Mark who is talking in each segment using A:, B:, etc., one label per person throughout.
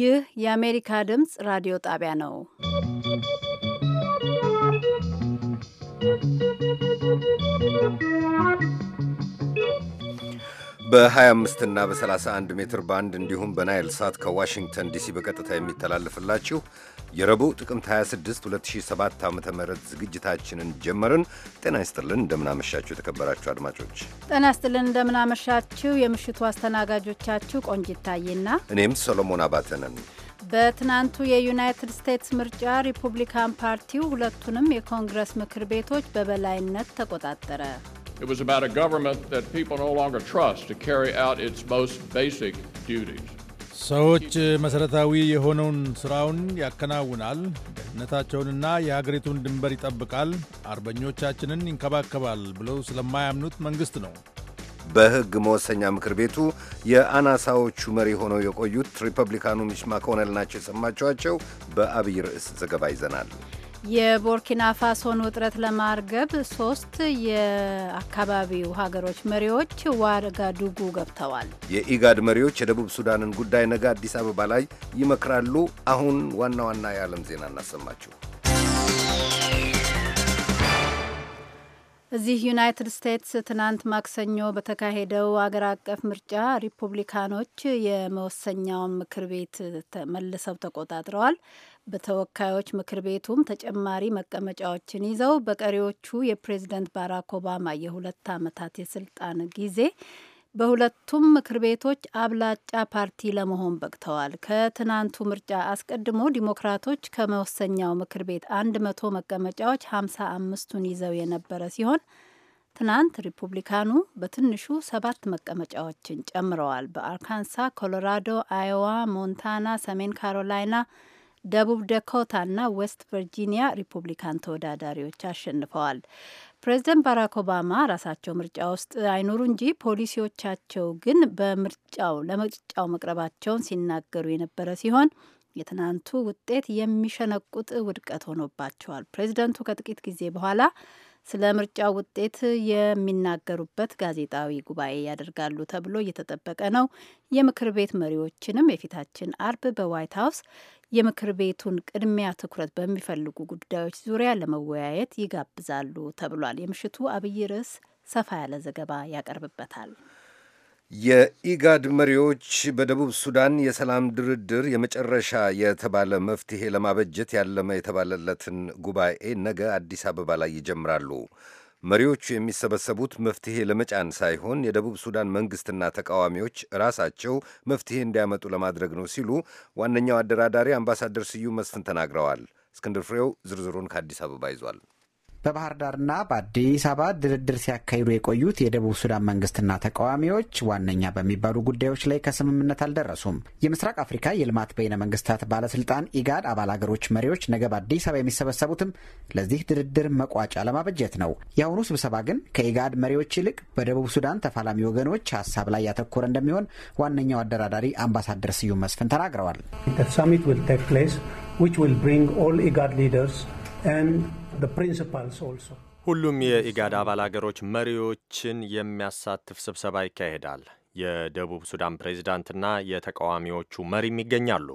A: ይህ የአሜሪካ ድምፅ ራዲዮ ጣቢያ ነው።
B: በ25 እና በ31 ሜትር ባንድ እንዲሁም በናይል ሳት ከዋሽንግተን ዲሲ በቀጥታ የሚተላለፍላችሁ የረቡዕ ጥቅምት 26 2007 ዓ ም ዝግጅታችንን ጀመርን። ጤና ይስጥልን፣ እንደምናመሻችሁ የተከበራችሁ አድማጮች።
A: ጤና ይስጥልን፣ እንደምናመሻችሁ የምሽቱ አስተናጋጆቻችሁ ቆንጂት ታዬና
B: እኔም ሰሎሞን
C: አባተ ነን።
A: በትናንቱ የዩናይትድ ስቴትስ ምርጫ ሪፑብሊካን ፓርቲው ሁለቱንም የኮንግረስ ምክር ቤቶች በበላይነት ተቆጣጠረ።
C: It was about a government that people no longer trust to carry out its most basic duties.
D: ሰዎች መሰረታዊ የሆነውን ስራውን ያከናውናል፣ ደህንነታቸውንና የሀገሪቱን ድንበር ይጠብቃል፣ አርበኞቻችንን ይንከባከባል ብለው ስለማያምኑት መንግሥት ነው።
B: በሕግ መወሰኛ ምክር ቤቱ የአናሳዎቹ መሪ ሆነው የቆዩት ሪፐብሊካኑ ሚች ማኮነል ናቸው የሰማችኋቸው። በአብይ ርዕስ ዘገባ ይዘናል።
A: የቦርኪና ፋሶን ውጥረት ለማርገብ ሶስት የአካባቢው ሀገሮች መሪዎች ዋጋዱጉ ገብተዋል።
B: የኢጋድ መሪዎች የደቡብ ሱዳንን ጉዳይ ነገ አዲስ አበባ ላይ ይመክራሉ። አሁን ዋና ዋና የዓለም ዜና እናሰማችሁ።
A: እዚህ ዩናይትድ ስቴትስ ትናንት ማክሰኞ በተካሄደው አገር አቀፍ ምርጫ ሪፑብሊካኖች የመወሰኛውን ምክር ቤት መልሰው ተቆጣጥረዋል። በተወካዮች ምክር ቤቱም ተጨማሪ መቀመጫዎችን ይዘው በቀሪዎቹ የፕሬዝደንት ባራክ ኦባማ የሁለት ዓመታት የስልጣን ጊዜ በሁለቱም ምክር ቤቶች አብላጫ ፓርቲ ለመሆን በቅተዋል። ከትናንቱ ምርጫ አስቀድሞ ዲሞክራቶች ከመወሰኛው ምክር ቤት አንድ መቶ መቀመጫዎች ሀምሳ አምስቱን ይዘው የነበረ ሲሆን ትናንት ሪፑብሊካኑ በትንሹ ሰባት መቀመጫዎችን ጨምረዋል። በአርካንሳ፣ ኮሎራዶ፣ አዮዋ፣ ሞንታና፣ ሰሜን ካሮላይና ደቡብ ዳኮታና ዌስት ቨርጂኒያ ሪፑብሊካን ተወዳዳሪዎች አሸንፈዋል። ፕሬዚደንት ባራክ ኦባማ ራሳቸው ምርጫ ውስጥ አይኖሩ እንጂ ፖሊሲዎቻቸው ግን በምርጫው ለምርጫው መቅረባቸውን ሲናገሩ የነበረ ሲሆን የትናንቱ ውጤት የሚሸነቁጥ ውድቀት ሆኖባቸዋል። ፕሬዚደንቱ ከጥቂት ጊዜ በኋላ ስለ ምርጫ ውጤት የሚናገሩበት ጋዜጣዊ ጉባኤ ያደርጋሉ ተብሎ እየተጠበቀ ነው። የምክር ቤት መሪዎችንም የፊታችን አርብ በዋይት ሀውስ የምክር ቤቱን ቅድሚያ ትኩረት በሚፈልጉ ጉዳዮች ዙሪያ ለመወያየት ይጋብዛሉ ተብሏል። የምሽቱ አብይ ርዕስ ሰፋ ያለ ዘገባ ያቀርብበታል።
B: የኢጋድ መሪዎች በደቡብ ሱዳን የሰላም ድርድር የመጨረሻ የተባለ መፍትሄ ለማበጀት ያለመ የተባለለትን ጉባኤ ነገ አዲስ አበባ ላይ ይጀምራሉ። መሪዎቹ የሚሰበሰቡት መፍትሄ ለመጫን ሳይሆን የደቡብ ሱዳን መንግስትና ተቃዋሚዎች ራሳቸው መፍትሄ እንዲያመጡ ለማድረግ ነው ሲሉ ዋነኛው አደራዳሪ አምባሳደር ስዩም መስፍን ተናግረዋል። እስክንድር ፍሬው ዝርዝሩን ከአዲስ አበባ ይዟል።
E: በባህር ዳርና በአዲስ አበባ ድርድር ሲያካሂዱ የቆዩት የደቡብ ሱዳን መንግስትና ተቃዋሚዎች ዋነኛ በሚባሉ ጉዳዮች ላይ ከስምምነት አልደረሱም። የምስራቅ አፍሪካ የልማት በይነ መንግስታት ባለስልጣን ኢጋድ አባል አገሮች መሪዎች ነገ በአዲስ አበባ የሚሰበሰቡትም ለዚህ ድርድር መቋጫ ለማበጀት ነው። የአሁኑ ስብሰባ ግን ከኢጋድ መሪዎች ይልቅ በደቡብ ሱዳን ተፋላሚ ወገኖች ሀሳብ ላይ ያተኮረ እንደሚሆን ዋነኛው አደራዳሪ አምባሳደር ስዩም መስፍን ተናግረዋል።
F: ሁሉም የኢጋድ አባል አገሮች መሪዎችን የሚያሳትፍ ስብሰባ ይካሄዳል። የደቡብ ሱዳን ፕሬዝዳንትና የተቃዋሚዎቹ መሪም ይገኛሉ።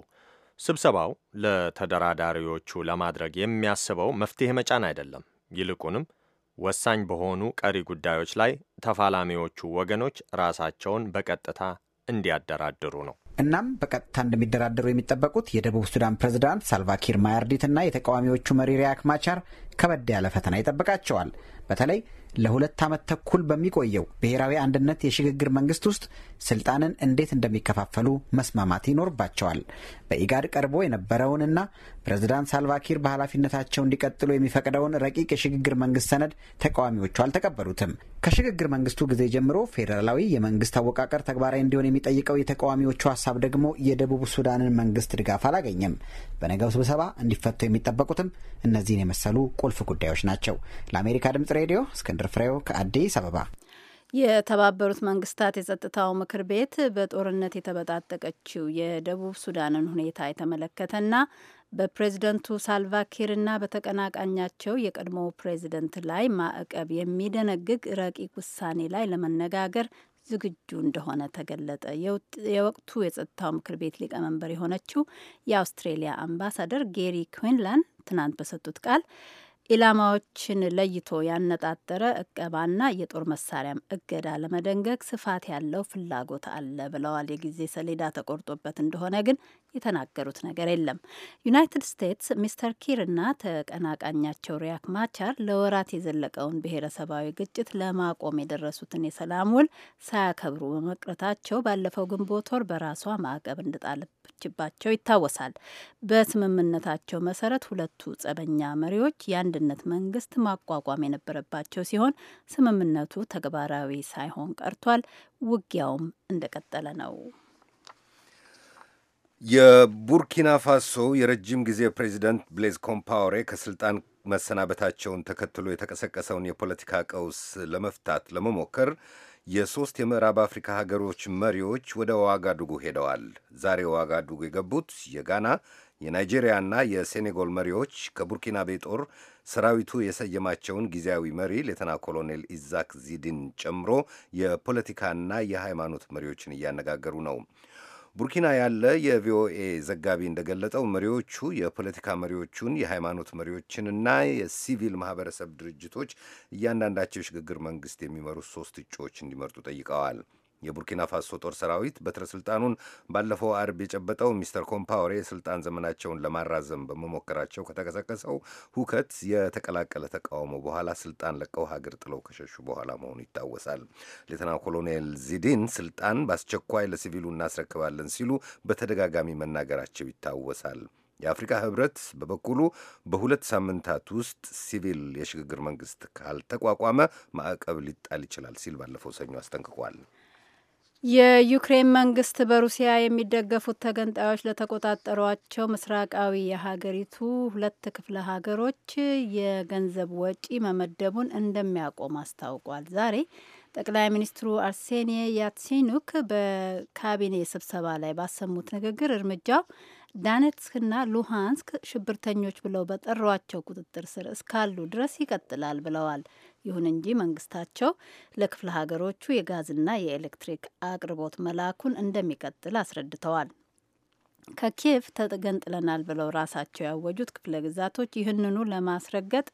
F: ስብሰባው ለተደራዳሪዎቹ ለማድረግ የሚያስበው መፍትሄ መጫን አይደለም። ይልቁንም ወሳኝ በሆኑ ቀሪ ጉዳዮች ላይ ተፋላሚዎቹ ወገኖች ራሳቸውን በቀጥታ እንዲያደራድሩ ነው።
E: እናም በቀጥታ እንደሚደራደሩ የሚጠበቁት የደቡብ ሱዳን ፕሬዝዳንት ሳልቫኪር ማያርዲትና የተቃዋሚዎቹ መሪ ሪያክ ማቻር ከበድ ያለ ፈተና ይጠብቃቸዋል። በተለይ ለሁለት ዓመት ተኩል በሚቆየው ብሔራዊ አንድነት የሽግግር መንግስት ውስጥ ስልጣንን እንዴት እንደሚከፋፈሉ መስማማት ይኖርባቸዋል። በኢጋድ ቀርቦ የነበረውንና ፕሬዝዳንት ሳልቫኪር በኃላፊነታቸው እንዲቀጥሉ የሚፈቅደውን ረቂቅ የሽግግር መንግስት ሰነድ ተቃዋሚዎቹ አልተቀበሉትም። ከሽግግር መንግስቱ ጊዜ ጀምሮ ፌዴራላዊ የመንግስት አወቃቀር ተግባራዊ እንዲሆን የሚጠይቀው የተቃዋሚዎቹ ሀሳብ ደግሞ የደቡብ ሱዳንን መንግስት ድጋፍ አላገኘም። በነገው ስብሰባ እንዲፈቱ የሚጠበቁትም እነዚህን የመሰሉ ቁልፍ ጉዳዮች ናቸው። ለአሜሪካ ድምጽ ሬዲዮ እስክንድር ፍሬው ከአዲስ አበባ።
A: የተባበሩት መንግስታት የጸጥታው ምክር ቤት በጦርነት የተበጣጠቀችው የደቡብ ሱዳንን ሁኔታ የተመለከተና በፕሬዝደንቱ ሳልቫኪርና በተቀናቃኛቸው የቀድሞ ፕሬዝደንት ላይ ማዕቀብ የሚደነግግ ረቂቅ ውሳኔ ላይ ለመነጋገር ዝግጁ እንደሆነ ተገለጠ። የወቅቱ የጸጥታው ምክር ቤት ሊቀመንበር የሆነችው የአውስትሬሊያ አምባሳደር ጌሪ ኩንላን ትናንት በሰጡት ቃል ኢላማዎችን ለይቶ ያነጣጠረ እቀባና የጦር መሳሪያም እገዳ ለመደንገግ ስፋት ያለው ፍላጎት አለ ብለዋል። የጊዜ ሰሌዳ ተቆርጦበት እንደሆነ ግን የተናገሩት ነገር የለም። ዩናይትድ ስቴትስ ሚስተር ኪር እና ተቀናቃኛቸው ሪያክ ማቻር ለወራት የዘለቀውን ብሔረሰባዊ ግጭት ለማቆም የደረሱትን የሰላም ውል ሳያከብሩ በመቅረታቸው ባለፈው ግንቦት ወር በራሷ ማዕቀብ እንደጣለችባቸው ይታወሳል። በስምምነታቸው መሰረት ሁለቱ ጸበኛ መሪዎች የአንድነት መንግስት ማቋቋም የነበረባቸው ሲሆን ስምምነቱ ተግባራዊ ሳይሆን ቀርቷል። ውጊያውም እንደቀጠለ ነው።
B: የቡርኪና ፋሶ የረጅም ጊዜ ፕሬዚደንት ብሌዝ ኮምፓውሬ ከስልጣን መሰናበታቸውን ተከትሎ የተቀሰቀሰውን የፖለቲካ ቀውስ ለመፍታት ለመሞከር የሶስት የምዕራብ አፍሪካ ሀገሮች መሪዎች ወደ ዋጋዱጉ ሄደዋል። ዛሬ ዋጋዱጉ የገቡት የጋና የናይጄሪያና የሴኔጎል መሪዎች ከቡርኪና ቤጦር ሰራዊቱ የሰየማቸውን ጊዜያዊ መሪ ሌተና ኮሎኔል ኢዛክ ዚድን ጨምሮ የፖለቲካና የሃይማኖት መሪዎችን እያነጋገሩ ነው። ቡርኪና ያለ የቪኦኤ ዘጋቢ እንደገለጠው መሪዎቹ የፖለቲካ መሪዎቹን የሃይማኖት መሪዎችንና የሲቪል ማህበረሰብ ድርጅቶች እያንዳንዳቸው የሽግግር መንግስት የሚመሩ ሶስት እጩዎች እንዲመርጡ ጠይቀዋል። የቡርኪና ፋሶ ጦር ሰራዊት በትረ ስልጣኑን ባለፈው አርብ የጨበጠው ሚስተር ኮምፓወሬ የስልጣን ዘመናቸውን ለማራዘም በመሞከራቸው ከተቀሰቀሰው ሁከት የተቀላቀለ ተቃውሞ በኋላ ስልጣን ለቀው ሀገር ጥለው ከሸሹ በኋላ መሆኑ ይታወሳል። ሌተና ኮሎኔል ዚዲን ስልጣን በአስቸኳይ ለሲቪሉ እናስረክባለን ሲሉ በተደጋጋሚ መናገራቸው ይታወሳል። የአፍሪካ ህብረት በበኩሉ በሁለት ሳምንታት ውስጥ ሲቪል የሽግግር መንግስት ካልተቋቋመ ማዕቀብ ሊጣል ይችላል ሲል ባለፈው ሰኞ አስጠንቅቋል።
A: የዩክሬን መንግስት በሩሲያ የሚደገፉት ተገንጣዮች ለተቆጣጠሯቸው ምስራቃዊ የሀገሪቱ ሁለት ክፍለ ሀገሮች የገንዘብ ወጪ መመደቡን እንደሚያቆም አስታውቋል። ዛሬ ጠቅላይ ሚኒስትሩ አርሴኒ ያትሲኑክ በካቢኔ ስብሰባ ላይ ባሰሙት ንግግር እርምጃው ዳኔትስክና ሉሃንስክ ሽብርተኞች ብለው በጠሯቸው ቁጥጥር ስር እስካሉ ድረስ ይቀጥላል ብለዋል። ይሁን እንጂ መንግስታቸው ለክፍለ ሀገሮቹ የጋዝና የኤሌክትሪክ አቅርቦት መላኩን እንደሚቀጥል አስረድተዋል። ከኪየቭ ተገንጥለናል ብለው ራሳቸው ያወጁት ክፍለ ግዛቶች ይህንኑ ለማስረገጥ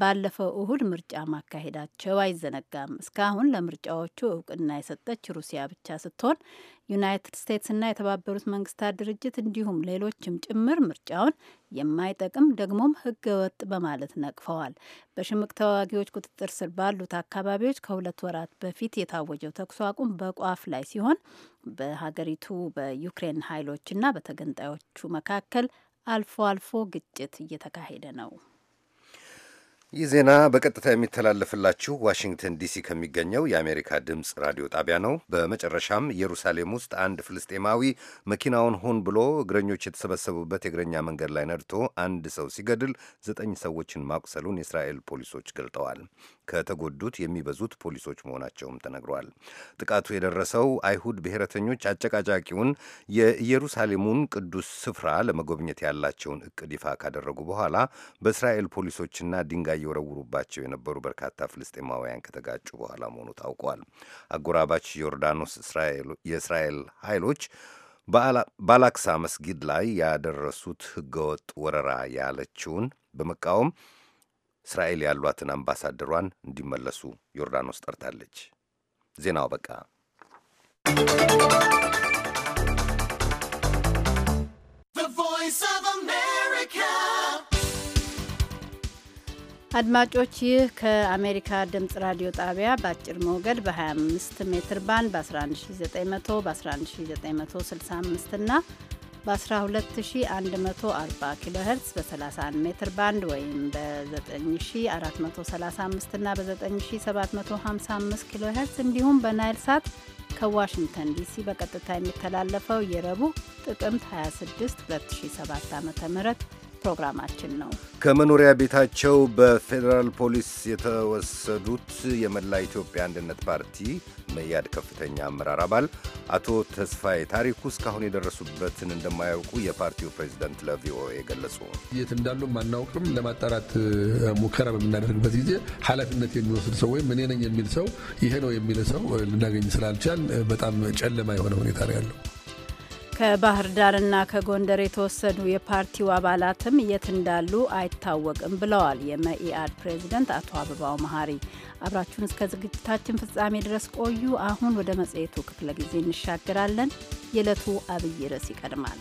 A: ባለፈው እሁድ ምርጫ ማካሄዳቸው አይዘነጋም። እስካሁን ለምርጫዎቹ እውቅና የሰጠች ሩሲያ ብቻ ስትሆን ዩናይትድ ስቴትስና የተባበሩት መንግስታት ድርጅት እንዲሁም ሌሎችም ጭምር ምርጫውን የማይጠቅም ደግሞም ሕገ ወጥ በማለት ነቅፈዋል። በሽምቅ ተዋጊዎች ቁጥጥር ስር ባሉት አካባቢዎች ከሁለት ወራት በፊት የታወጀው ተኩስ አቁም በቋፍ ላይ ሲሆን በሀገሪቱ በዩክሬን ኃይሎችና በተገንጣዮቹ መካከል አልፎ አልፎ ግጭት እየተካሄደ ነው።
B: ይህ ዜና በቀጥታ የሚተላለፍላችሁ ዋሽንግተን ዲሲ ከሚገኘው የአሜሪካ ድምፅ ራዲዮ ጣቢያ ነው። በመጨረሻም ኢየሩሳሌም ውስጥ አንድ ፍልስጤማዊ መኪናውን ሆን ብሎ እግረኞች የተሰበሰቡበት የእግረኛ መንገድ ላይ ነድቶ አንድ ሰው ሲገድል ዘጠኝ ሰዎችን ማቁሰሉን የእስራኤል ፖሊሶች ገልጠዋል። ከተጎዱት የሚበዙት ፖሊሶች መሆናቸውም ተነግሯል። ጥቃቱ የደረሰው አይሁድ ብሔረተኞች አጨቃጫቂውን የኢየሩሳሌሙን ቅዱስ ስፍራ ለመጎብኘት ያላቸውን እቅድ ይፋ ካደረጉ በኋላ በእስራኤል ፖሊሶችና ድንጋይ የወረውሩባቸው የነበሩ በርካታ ፍልስጤማውያን ከተጋጩ በኋላ መሆኑ ታውቋል። አጎራባች ዮርዳኖስ የእስራኤል ኃይሎች ባላክሳ መስጊድ ላይ ያደረሱት ህገወጥ ወረራ ያለችውን በመቃወም እስራኤል ያሏትን አምባሳደሯን እንዲመለሱ ዮርዳኖስ ጠርታለች። ዜናው በቃ።
A: አድማጮች ይህ ከአሜሪካ ድምጽ ራዲዮ ጣቢያ በአጭር ሞገድ በ25 ሜትር ባንድ በ11900 በ11965 እና በ12140 ኪሎ ሄርትስ በ31 ሜትር ባንድ ወይም በ9435 እና በ9755 ኪሎ ሄርትስ እንዲሁም በናይል ሳት ከዋሽንግተን ዲሲ በቀጥታ የሚተላለፈው የረቡዕ ጥቅምት 26 2007 ም ፕሮግራማችን ነው።
B: ከመኖሪያ ቤታቸው በፌዴራል ፖሊስ የተወሰዱት የመላ ኢትዮጵያ አንድነት ፓርቲ መያድ ከፍተኛ አመራር አባል አቶ ተስፋዬ ታሪኩ እስካሁን የደረሱበትን እንደማያውቁ የፓርቲው ፕሬዚደንት ለቪኦኤ ገለጹ።
G: የት እንዳሉም አናውቅም። ለማጣራት ሙከራ በምናደርግበት ጊዜ ኃላፊነት የሚወስድ ሰው ወይም እኔ ነኝ የሚል ሰው ይሄ ነው የሚል ሰው ልናገኝ ስላልቻል በጣም ጨለማ የሆነ ሁኔታ ነው ያለው።
A: ከባህር ዳርና ከጎንደር የተወሰዱ የፓርቲው አባላትም የት እንዳሉ አይታወቅም ብለዋል የመኢአድ ፕሬዚደንት አቶ አበባው መሀሪ። አብራችሁን እስከ ዝግጅታችን ፍጻሜ ድረስ ቆዩ። አሁን ወደ መጽሔቱ ክፍለ ጊዜ እንሻገራለን። የዕለቱ አብይ ርዕስ ይቀድማል።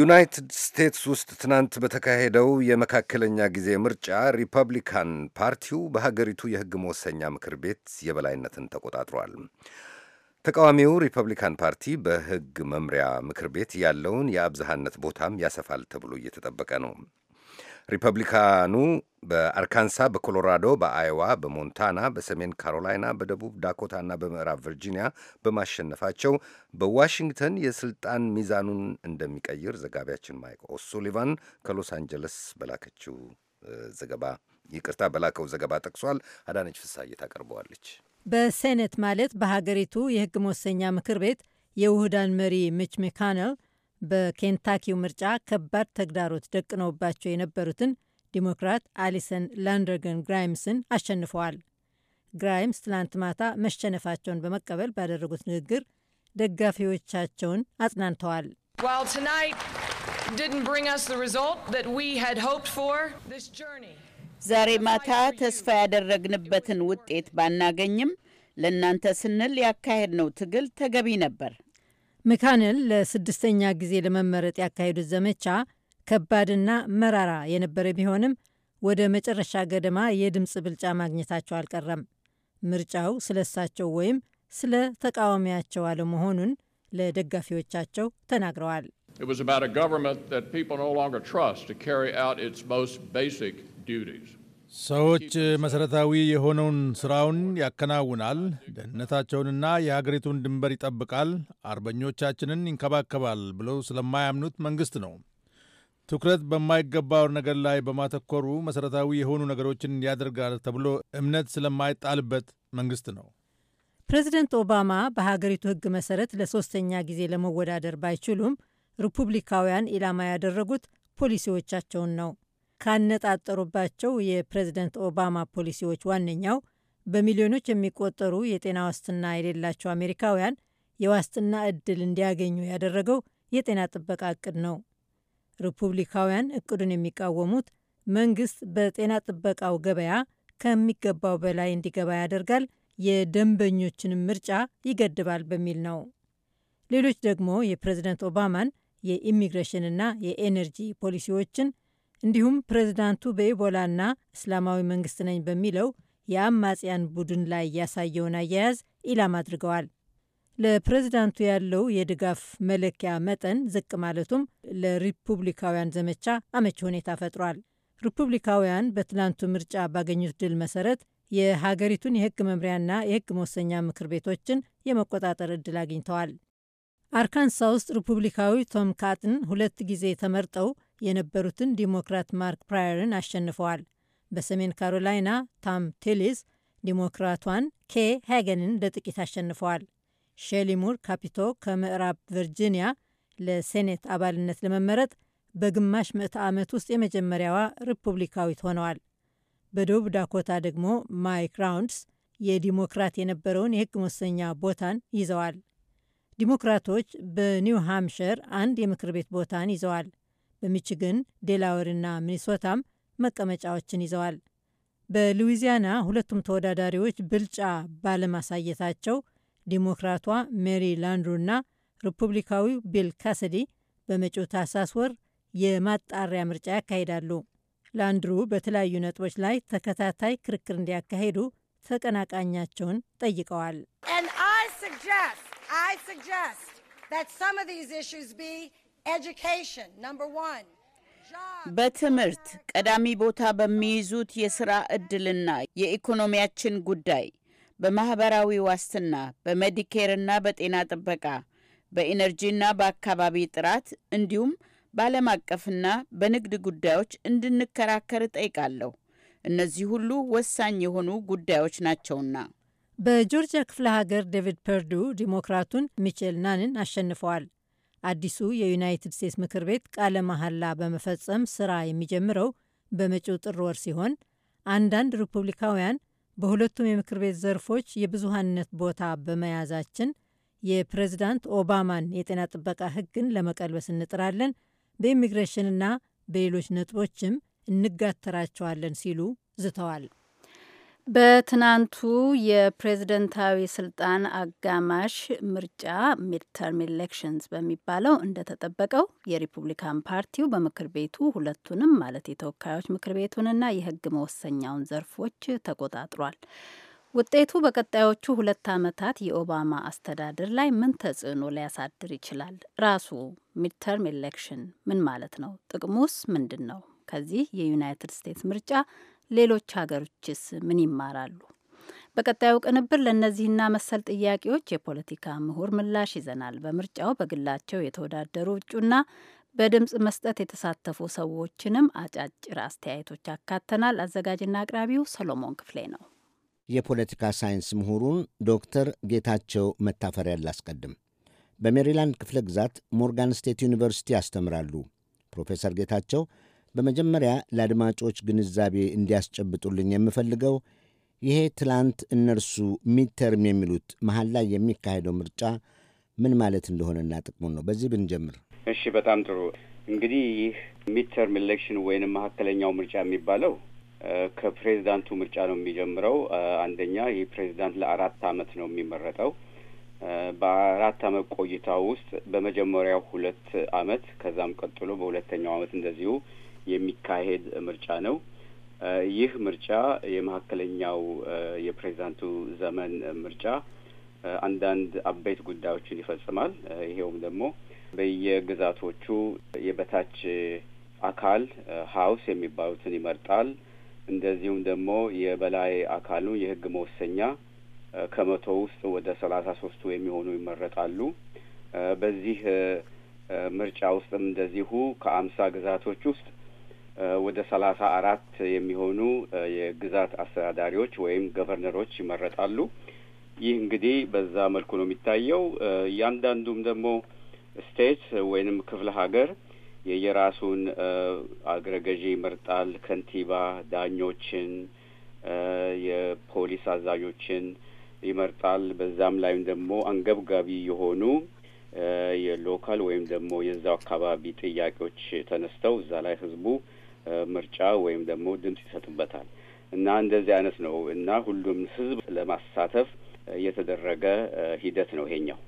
B: ዩናይትድ ስቴትስ ውስጥ ትናንት በተካሄደው የመካከለኛ ጊዜ ምርጫ ሪፐብሊካን ፓርቲው በሀገሪቱ የሕግ መወሰኛ ምክር ቤት የበላይነትን ተቆጣጥሯል። ተቃዋሚው ሪፐብሊካን ፓርቲ በሕግ መምሪያ ምክር ቤት ያለውን የአብዝሃነት ቦታም ያሰፋል ተብሎ እየተጠበቀ ነው። ሪፐብሊካኑ በአርካንሳ፣ በኮሎራዶ፣ በአይዋ፣ በሞንታና፣ በሰሜን ካሮላይና፣ በደቡብ ዳኮታና በምዕራብ ቨርጂኒያ በማሸነፋቸው በዋሽንግተን የስልጣን ሚዛኑን እንደሚቀይር ዘጋቢያችን ማይክ ኦሱሊቫን ከሎስ አንጀለስ በላከችው ዘገባ ይቅርታ በላከው ዘገባ ጠቅሷል። አዳነች ፍሳዬ ታቀርበዋለች።
H: በሴኔት ማለት በሀገሪቱ የሕግ መወሰኛ ምክር ቤት የውህዳን መሪ ምች ማኮኔል በኬንታኪው ምርጫ ከባድ ተግዳሮት ደቅነውባቸው የነበሩትን ዲሞክራት አሊሰን ላንደርገን ግራይምስን አሸንፈዋል። ግራይምስ ትላንት ማታ መሸነፋቸውን በመቀበል ባደረጉት ንግግር ደጋፊዎቻቸውን አጽናንተዋል።
I: ዛሬ ማታ ተስፋ ያደረግንበትን ውጤት
H: ባናገኝም ለእናንተ ስንል ያካሄድነው ትግል ተገቢ ነበር። መካንል ለስድስተኛ ጊዜ ለመመረጥ ያካሄዱት ዘመቻ ከባድና መራራ የነበረ ቢሆንም ወደ መጨረሻ ገደማ የድምፅ ብልጫ ማግኘታቸው አልቀረም። ምርጫው ስለ እሳቸው ወይም ስለ ተቃዋሚያቸው አለመሆኑን ለደጋፊዎቻቸው
C: ተናግረዋል። It was about a government that people no longer trust to carry out its most basic
D: ሰዎች መሠረታዊ የሆነውን ሥራውን ያከናውናል፣ ደህንነታቸውንና የሀገሪቱን ድንበር ይጠብቃል፣ አርበኞቻችንን ይንከባከባል ብለው ስለማያምኑት መንግሥት ነው። ትኩረት በማይገባው ነገር ላይ በማተኮሩ መሠረታዊ የሆኑ ነገሮችን ያደርጋል ተብሎ እምነት ስለማይጣልበት መንግሥት ነው።
H: ፕሬዚደንት ኦባማ በሀገሪቱ ሕግ መሠረት ለሦስተኛ ጊዜ ለመወዳደር ባይችሉም ሪፑብሊካውያን ኢላማ ያደረጉት ፖሊሲዎቻቸውን ነው። ካነጣጠሩባቸው የፕሬዝደንት ኦባማ ፖሊሲዎች ዋነኛው በሚሊዮኖች የሚቆጠሩ የጤና ዋስትና የሌላቸው አሜሪካውያን የዋስትና እድል እንዲያገኙ ያደረገው የጤና ጥበቃ እቅድ ነው። ሪፑብሊካውያን እቅዱን የሚቃወሙት መንግስት በጤና ጥበቃው ገበያ ከሚገባው በላይ እንዲገባ ያደርጋል፣ የደንበኞችንም ምርጫ ይገድባል በሚል ነው። ሌሎች ደግሞ የፕሬዝደንት ኦባማን የኢሚግሬሽንና የኤነርጂ ፖሊሲዎችን እንዲሁም ፕሬዚዳንቱ በኢቦላና እስላማዊ መንግስት ነኝ በሚለው የአማጽያን ቡድን ላይ ያሳየውን አያያዝ ኢላማ አድርገዋል። ለፕሬዚዳንቱ ያለው የድጋፍ መለኪያ መጠን ዝቅ ማለቱም ለሪፑብሊካውያን ዘመቻ አመቺ ሁኔታ ፈጥሯል። ሪፑብሊካውያን በትላንቱ ምርጫ ባገኙት ድል መሰረት የሀገሪቱን የህግ መምሪያና የህግ መወሰኛ ምክር ቤቶችን የመቆጣጠር እድል አግኝተዋል። አርካንሳ ውስጥ ሪፑብሊካዊ ቶም ካጥን ሁለት ጊዜ ተመርጠው የነበሩትን ዲሞክራት ማርክ ፕራየርን አሸንፈዋል። በሰሜን ካሮላይና ታም ቴሊስ ዲሞክራቷን ኬ ሃገንን ለጥቂት አሸንፈዋል። ሼሊሙር ካፒቶ ከምዕራብ ቨርጂኒያ ለሴኔት አባልነት ለመመረጥ በግማሽ ምዕተ ዓመት ውስጥ የመጀመሪያዋ ሪፑብሊካዊት ሆነዋል። በደቡብ ዳኮታ ደግሞ ማይክ ራውንድስ የዲሞክራት የነበረውን የሕግ መወሰኛ ቦታን ይዘዋል። ዲሞክራቶች በኒው ሃምሽር አንድ የምክር ቤት ቦታን ይዘዋል። በሚችግን ዴላወርና ሚኒሶታም መቀመጫዎችን ይዘዋል። በሉዊዚያና ሁለቱም ተወዳዳሪዎች ብልጫ ባለማሳየታቸው ዲሞክራቷ ሜሪ ላንድሩና ሪፑብሊካዊው ቢል ካሰዲ በመጪው ታህሳስ ወር የማጣሪያ ምርጫ ያካሂዳሉ። ላንድሩ በተለያዩ ነጥቦች ላይ ተከታታይ ክርክር እንዲያካሄዱ ተቀናቃኛቸውን ጠይቀዋል። በትምህርት
I: ቀዳሚ ቦታ በሚይዙት የሥራ ዕድልና የኢኮኖሚያችን ጉዳይ፣ በማኅበራዊ ዋስትና፣ በሜዲኬርና በጤና ጥበቃ፣ በኢነርጂና በአካባቢ ጥራት እንዲሁም በዓለም አቀፍና በንግድ ጉዳዮች እንድንከራከር እጠይቃለሁ። እነዚህ ሁሉ ወሳኝ የሆኑ ጉዳዮች ናቸውና።
H: በጆርጂያ ክፍለ ሀገር ዴቪድ ፐርዱ ዲሞክራቱን ሚቼል ናንን አሸንፈዋል። አዲሱ የዩናይትድ ስቴትስ ምክር ቤት ቃለ መሐላ በመፈጸም ስራ የሚጀምረው በመጪው ጥር ወር ሲሆን አንዳንድ ሪፑብሊካውያን በሁለቱም የምክር ቤት ዘርፎች የብዙሃንነት ቦታ በመያዛችን የፕሬዚዳንት ኦባማን የጤና ጥበቃ ህግን ለመቀልበስ እንጥራለን፣ በኢሚግሬሽንና በሌሎች ነጥቦችም እንጋተራቸዋለን ሲሉ ዝተዋል።
A: በትናንቱ የፕሬዝደንታዊ ስልጣን አጋማሽ ምርጫ ሚድተርም ኤሌክሽንስ በሚባለው እንደተጠበቀው የሪፑብሊካን ፓርቲው በምክር ቤቱ ሁለቱንም ማለት የተወካዮች ምክር ቤቱንና የሕግ መወሰኛውን ዘርፎች ተቆጣጥሯል። ውጤቱ በቀጣዮቹ ሁለት ዓመታት የኦባማ አስተዳደር ላይ ምን ተጽዕኖ ሊያሳድር ይችላል? ራሱ ሚድተርም ኤሌክሽን ምን ማለት ነው? ጥቅሙስ ምንድን ነው? ከዚህ የዩናይትድ ስቴትስ ምርጫ ሌሎች ሀገሮችስ ምን ይማራሉ? በቀጣዩ ቅንብር ለእነዚህና መሰል ጥያቄዎች የፖለቲካ ምሁር ምላሽ ይዘናል። በምርጫው በግላቸው የተወዳደሩ እጩና በድምፅ መስጠት የተሳተፉ ሰዎችንም አጫጭር አስተያየቶች አካተናል። አዘጋጅና አቅራቢው ሰሎሞን ክፍሌ ነው።
J: የፖለቲካ ሳይንስ ምሁሩን ዶክተር ጌታቸው መታፈሪያ ላስቀድም። በሜሪላንድ ክፍለ ግዛት ሞርጋን ስቴት ዩኒቨርሲቲ ያስተምራሉ። ፕሮፌሰር ጌታቸው በመጀመሪያ ለአድማጮች ግንዛቤ እንዲያስጨብጡልኝ የምፈልገው ይሄ ትላንት እነርሱ ሚድተርም የሚሉት መሀል ላይ የሚካሄደው ምርጫ ምን ማለት እንደሆነና ጥቅሙን ነው። በዚህ ብንጀምር።
K: እሺ፣ በጣም ጥሩ። እንግዲህ ይህ ሚድተርም ኢሌክሽን ወይንም መካከለኛው ምርጫ የሚባለው ከፕሬዚዳንቱ ምርጫ ነው የሚጀምረው። አንደኛ ይህ ፕሬዚዳንት ለአራት አመት ነው የሚመረጠው። በአራት አመት ቆይታ ውስጥ በመጀመሪያው ሁለት አመት ከዛም ቀጥሎ በሁለተኛው አመት እንደዚሁ የሚካሄድ ምርጫ ነው። ይህ ምርጫ የመካከለኛው የፕሬዚዳንቱ ዘመን ምርጫ አንዳንድ አበይት ጉዳዮችን ይፈጽማል። ይሄውም ደግሞ በየግዛቶቹ የበታች አካል ሀውስ የሚባሉትን ይመርጣል። እንደዚሁም ደግሞ የበላይ አካሉ የህግ መወሰኛ ከመቶ ውስጥ ወደ ሰላሳ ሶስቱ የሚሆኑ ይመረጣሉ። በዚህ ምርጫ ውስጥም እንደዚሁ ከአምሳ ግዛቶች ውስጥ ወደ ሰላሳ አራት የሚሆኑ የግዛት አስተዳዳሪዎች ወይም ገቨርነሮች ይመረጣሉ። ይህ እንግዲህ በዛ መልኩ ነው የሚታየው። እያንዳንዱም ደግሞ ስቴት ወይንም ክፍለ ሀገር የየራሱን አገረ ገዢ ይመርጣል። ከንቲባ፣ ዳኞችን፣ የፖሊስ አዛዦችን ይመርጣል። በዛም ላይም ደግሞ አንገብጋቢ የሆኑ የሎካል ወይም ደግሞ የዛው አካባቢ ጥያቄዎች ተነስተው እዛ ላይ ህዝቡ ምርጫ ወይም ደግሞ ድምጽ ይሰጥበታል እና እንደዚህ አይነት ነው እና ሁሉም ህዝብ ለማሳተፍ የተደረገ ሂደት ነው ይሄኛው።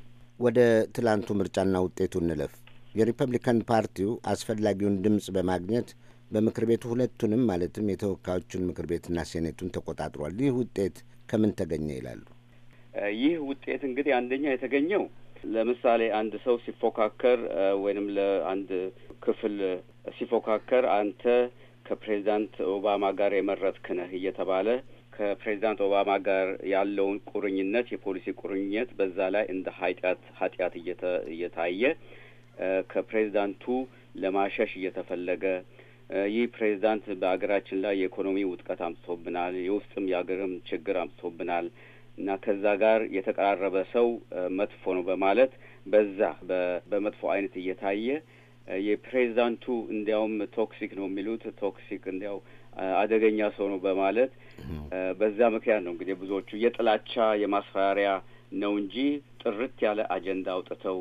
J: ወደ ትላንቱ ምርጫና ውጤቱ እንለፍ። የሪፐብሊካን ፓርቲው አስፈላጊውን ድምፅ በማግኘት በምክር ቤቱ ሁለቱንም ማለትም የተወካዮቹን ምክር ቤትና ሴኔቱን ተቆጣጥሯል። ይህ ውጤት ከምን ተገኘ ይላሉ?
K: ይህ ውጤት እንግዲህ አንደኛ የተገኘው ለምሳሌ አንድ ሰው ሲፎካከር ወይንም ለአንድ ክፍል ሲፎካከር አንተ ከፕሬዚዳንት ኦባማ ጋር የመረጥክ ነህ እየተባለ ከፕሬዚዳንት ኦባማ ጋር ያለውን ቁርኝነት የፖሊሲ ቁርኝነት በዛ ላይ እንደ ኃጢአት ኃጢአት እየታየ ከፕሬዚዳንቱ ለማሸሽ እየተፈለገ ይህ ፕሬዚዳንት በሀገራችን ላይ የኢኮኖሚ ውጥቀት አምጥቶብናል፣ የውስጥም የሀገርም ችግር አምጥቶብናል እና ከዛ ጋር የተቀራረበ ሰው መጥፎ ነው በማለት በዛ በመጥፎ አይነት እየታየ የፕሬዚዳንቱ እንዲያውም ቶክሲክ ነው የሚሉት ቶክሲክ እንዲያው አደገኛ ሰው ነው በማለት በዛ ምክንያት ነው እንግዲህ ብዙዎቹ የጥላቻ የማስፈራሪያ ነው እንጂ ጥርት ያለ አጀንዳ አውጥተው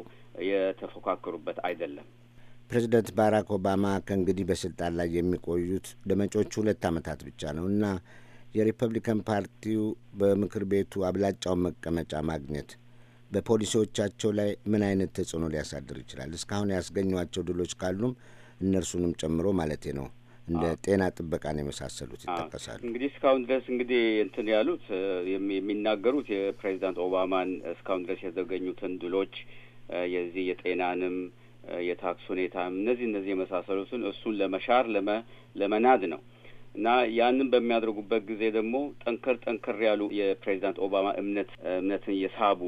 K: የተፎካከሩበት አይደለም።
J: ፕሬዚደንት ባራክ ኦባማ ከእንግዲህ በስልጣን ላይ የሚቆዩት ለመጪዎቹ ሁለት ዓመታት ብቻ ነው እና የሪፐብሊካን ፓርቲው በምክር ቤቱ አብላጫውን መቀመጫ ማግኘት በፖሊሲዎቻቸው ላይ ምን አይነት ተጽዕኖ ሊያሳድር ይችላል? እስካሁን ያስገኟቸው ድሎች ካሉም እነርሱንም ጨምሮ ማለቴ ነው። እንደ ጤና ጥበቃን የመሳሰሉት ይጠቀሳሉ።
K: እንግዲህ እስካሁን ድረስ እንግዲህ እንትን ያሉት የሚናገሩት የፕሬዚዳንት ኦባማን እስካሁን ድረስ የተገኙትን ድሎች የዚህ የጤናንም የታክስ ሁኔታም እነዚህ እነዚህ የመሳሰሉትን እሱን ለመሻር ለመናድ ነው እና ያንን በሚያደርጉበት ጊዜ ደግሞ ጠንከር ጠንከር ያሉ የፕሬዚዳንት ኦባማ እምነት እምነትን እየሳቡ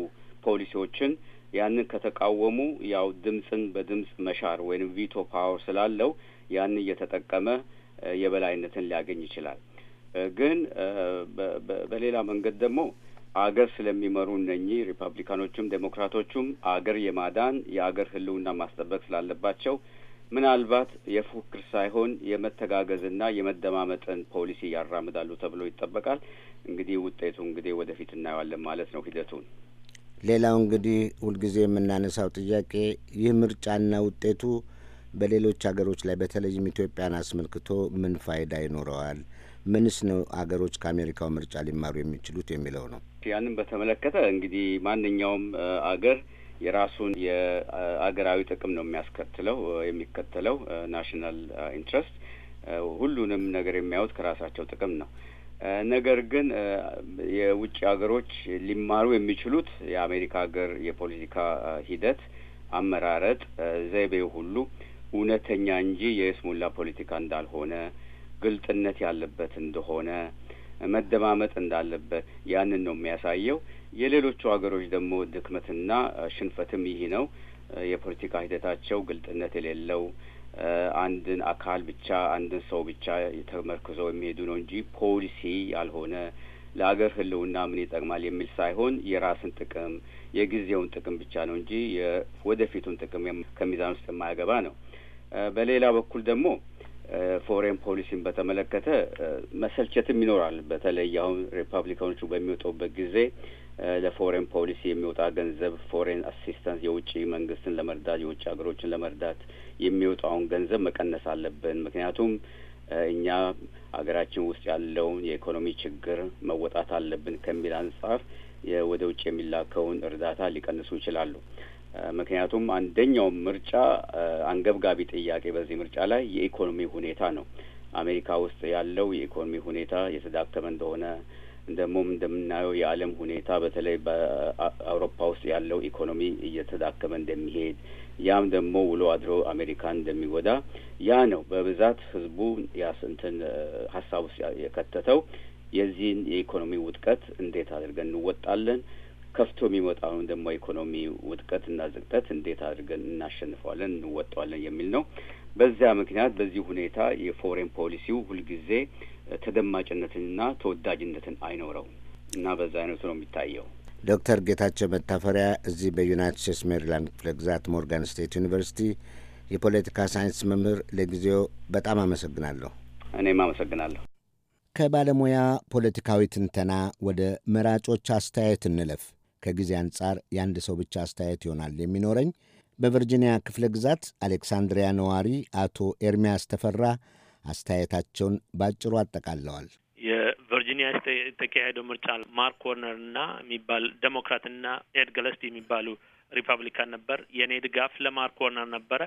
K: ፖሊሲዎችን ያንን ከተቃወሙ ያው ድምፅን በድምፅ መሻር ወይም ቪቶ ፓወር ስላለው ያን እየተጠቀመ የበላይነትን ሊያገኝ ይችላል። ግን በሌላ መንገድ ደግሞ አገር ስለሚመሩ እነኚህ ሪፐብሊካኖቹም ዴሞክራቶቹም አገር የማዳን የአገር ሕልውና ማስጠበቅ ስላለባቸው ምናልባት የፉክክር ሳይሆን የመተጋገዝና የመደማመጥን ፖሊሲ ያራምዳሉ ተብሎ ይጠበቃል። እንግዲህ ውጤቱ እንግዲህ ወደፊት እናየዋለን ማለት ነው ሂደቱን
J: ሌላው እንግዲህ ሁልጊዜ የምናነሳው ጥያቄ ይህ ምርጫና ውጤቱ በሌሎች ሀገሮች ላይ በተለይም ኢትዮጵያን አስመልክቶ ምን ፋይዳ ይኖረዋል? ምንስ ነው አገሮች ከአሜሪካው ምርጫ ሊማሩ የሚችሉት የሚለው ነው።
K: ያንን በተመለከተ እንግዲህ ማንኛውም አገር የራሱን የአገራዊ ጥቅም ነው የሚያስከትለው የሚከተለው ናሽናል ኢንትረስት ሁሉንም ነገር የሚያዩት ከራሳቸው ጥቅም ነው። ነገር ግን የውጭ ሀገሮች ሊማሩ የሚችሉት የአሜሪካ ሀገር የፖለቲካ ሂደት አመራረጥ ዘይቤ ሁሉ እውነተኛ እንጂ የስሙላ ፖለቲካ እንዳልሆነ፣ ግልጥነት ያለበት እንደሆነ፣ መደማመጥ እንዳለበት ያንን ነው የሚያሳየው። የሌሎቹ ሀገሮች ደግሞ ድክመትና ሽንፈትም ይህ ነው። የፖለቲካ ሂደታቸው ግልጥነት የሌለው አንድን አካል ብቻ አንድን ሰው ብቻ የተመርክዘው የሚሄዱ ነው እንጂ ፖሊሲ ያልሆነ ለአገር ህልውና ምን ይጠቅማል የሚል ሳይሆን የራስን ጥቅም የጊዜውን ጥቅም ብቻ ነው እንጂ ወደፊቱን ጥቅም ከሚዛን ውስጥ የማያገባ ነው። በሌላ በኩል ደግሞ ፎሬን ፖሊሲን በተመለከተ መሰልቸትም ይኖራል። በተለይ አሁን ሪፐብሊካኖቹ በሚወጡበት ጊዜ ለፎሬን ፖሊሲ የሚወጣ ገንዘብ ፎሬን አሲስተንስ የውጭ መንግስትን ለመርዳት የውጭ ሀገሮችን ለመርዳት የሚወጣውን ገንዘብ መቀነስ አለብን። ምክንያቱም እኛ ሀገራችን ውስጥ ያለውን የኢኮኖሚ ችግር መወጣት አለብን ከሚል አንጻር ወደ ውጭ የሚላከውን እርዳታ ሊቀንሱ ይችላሉ። ምክንያቱም አንደኛው ምርጫ አንገብጋቢ ጥያቄ በዚህ ምርጫ ላይ የኢኮኖሚ ሁኔታ ነው። አሜሪካ ውስጥ ያለው የኢኮኖሚ ሁኔታ የተዳከመ እንደሆነ ደግሞም እንደምናየው የዓለም ሁኔታ በተለይ በአውሮፓ ውስጥ ያለው ኢኮኖሚ እየተዳከመ እንደሚሄድ ያም ደግሞ ውሎ አድሮ አሜሪካን እንደሚጎዳ ያ ነው በብዛት ህዝቡ ያስንትን ሀሳብ ውስጥ የከተተው የዚህን የኢኮኖሚ ውጥቀት እንዴት አድርገን እንወጣለን ከፍቶ የሚመጣውን ደግሞ ኢኮኖሚ ውጥቀት እና ዝቅጠት እንዴት አድርገን እናሸንፈዋለን እንወጣዋለን የሚል ነው። በዚያ ምክንያት በዚህ ሁኔታ የፎሬን ፖሊሲው ሁልጊዜ ተደማጭነትንና ተወዳጅነትን አይኖረው እና በዛ አይነቱ ነው የሚታየው።
J: ዶክተር ጌታቸው መታፈሪያ እዚህ በዩናይትድ ስቴትስ ሜሪላንድ ክፍለ ግዛት ሞርጋን ስቴት ዩኒቨርሲቲ የፖለቲካ ሳይንስ መምህር፣ ለጊዜው በጣም አመሰግናለሁ።
K: እኔም አመሰግናለሁ።
J: ከባለሙያ ፖለቲካዊ ትንተና ወደ መራጮች አስተያየት እንለፍ። ከጊዜ አንጻር የአንድ ሰው ብቻ አስተያየት ይሆናል የሚኖረኝ። በቨርጂኒያ ክፍለ ግዛት አሌክሳንድሪያ ነዋሪ አቶ ኤርሚያስ ተፈራ አስተያየታቸውን ባጭሩ አጠቃለዋል።
C: ቨርጂኒያ የተካሄደው ምርጫ ማርክ ወርነር እና የሚባል ዴሞክራት እና ኤድ ገለስቲ የሚባሉ ሪፐብሊካን ነበር። የእኔ ድጋፍ ለማርክ ወርነር ነበረ።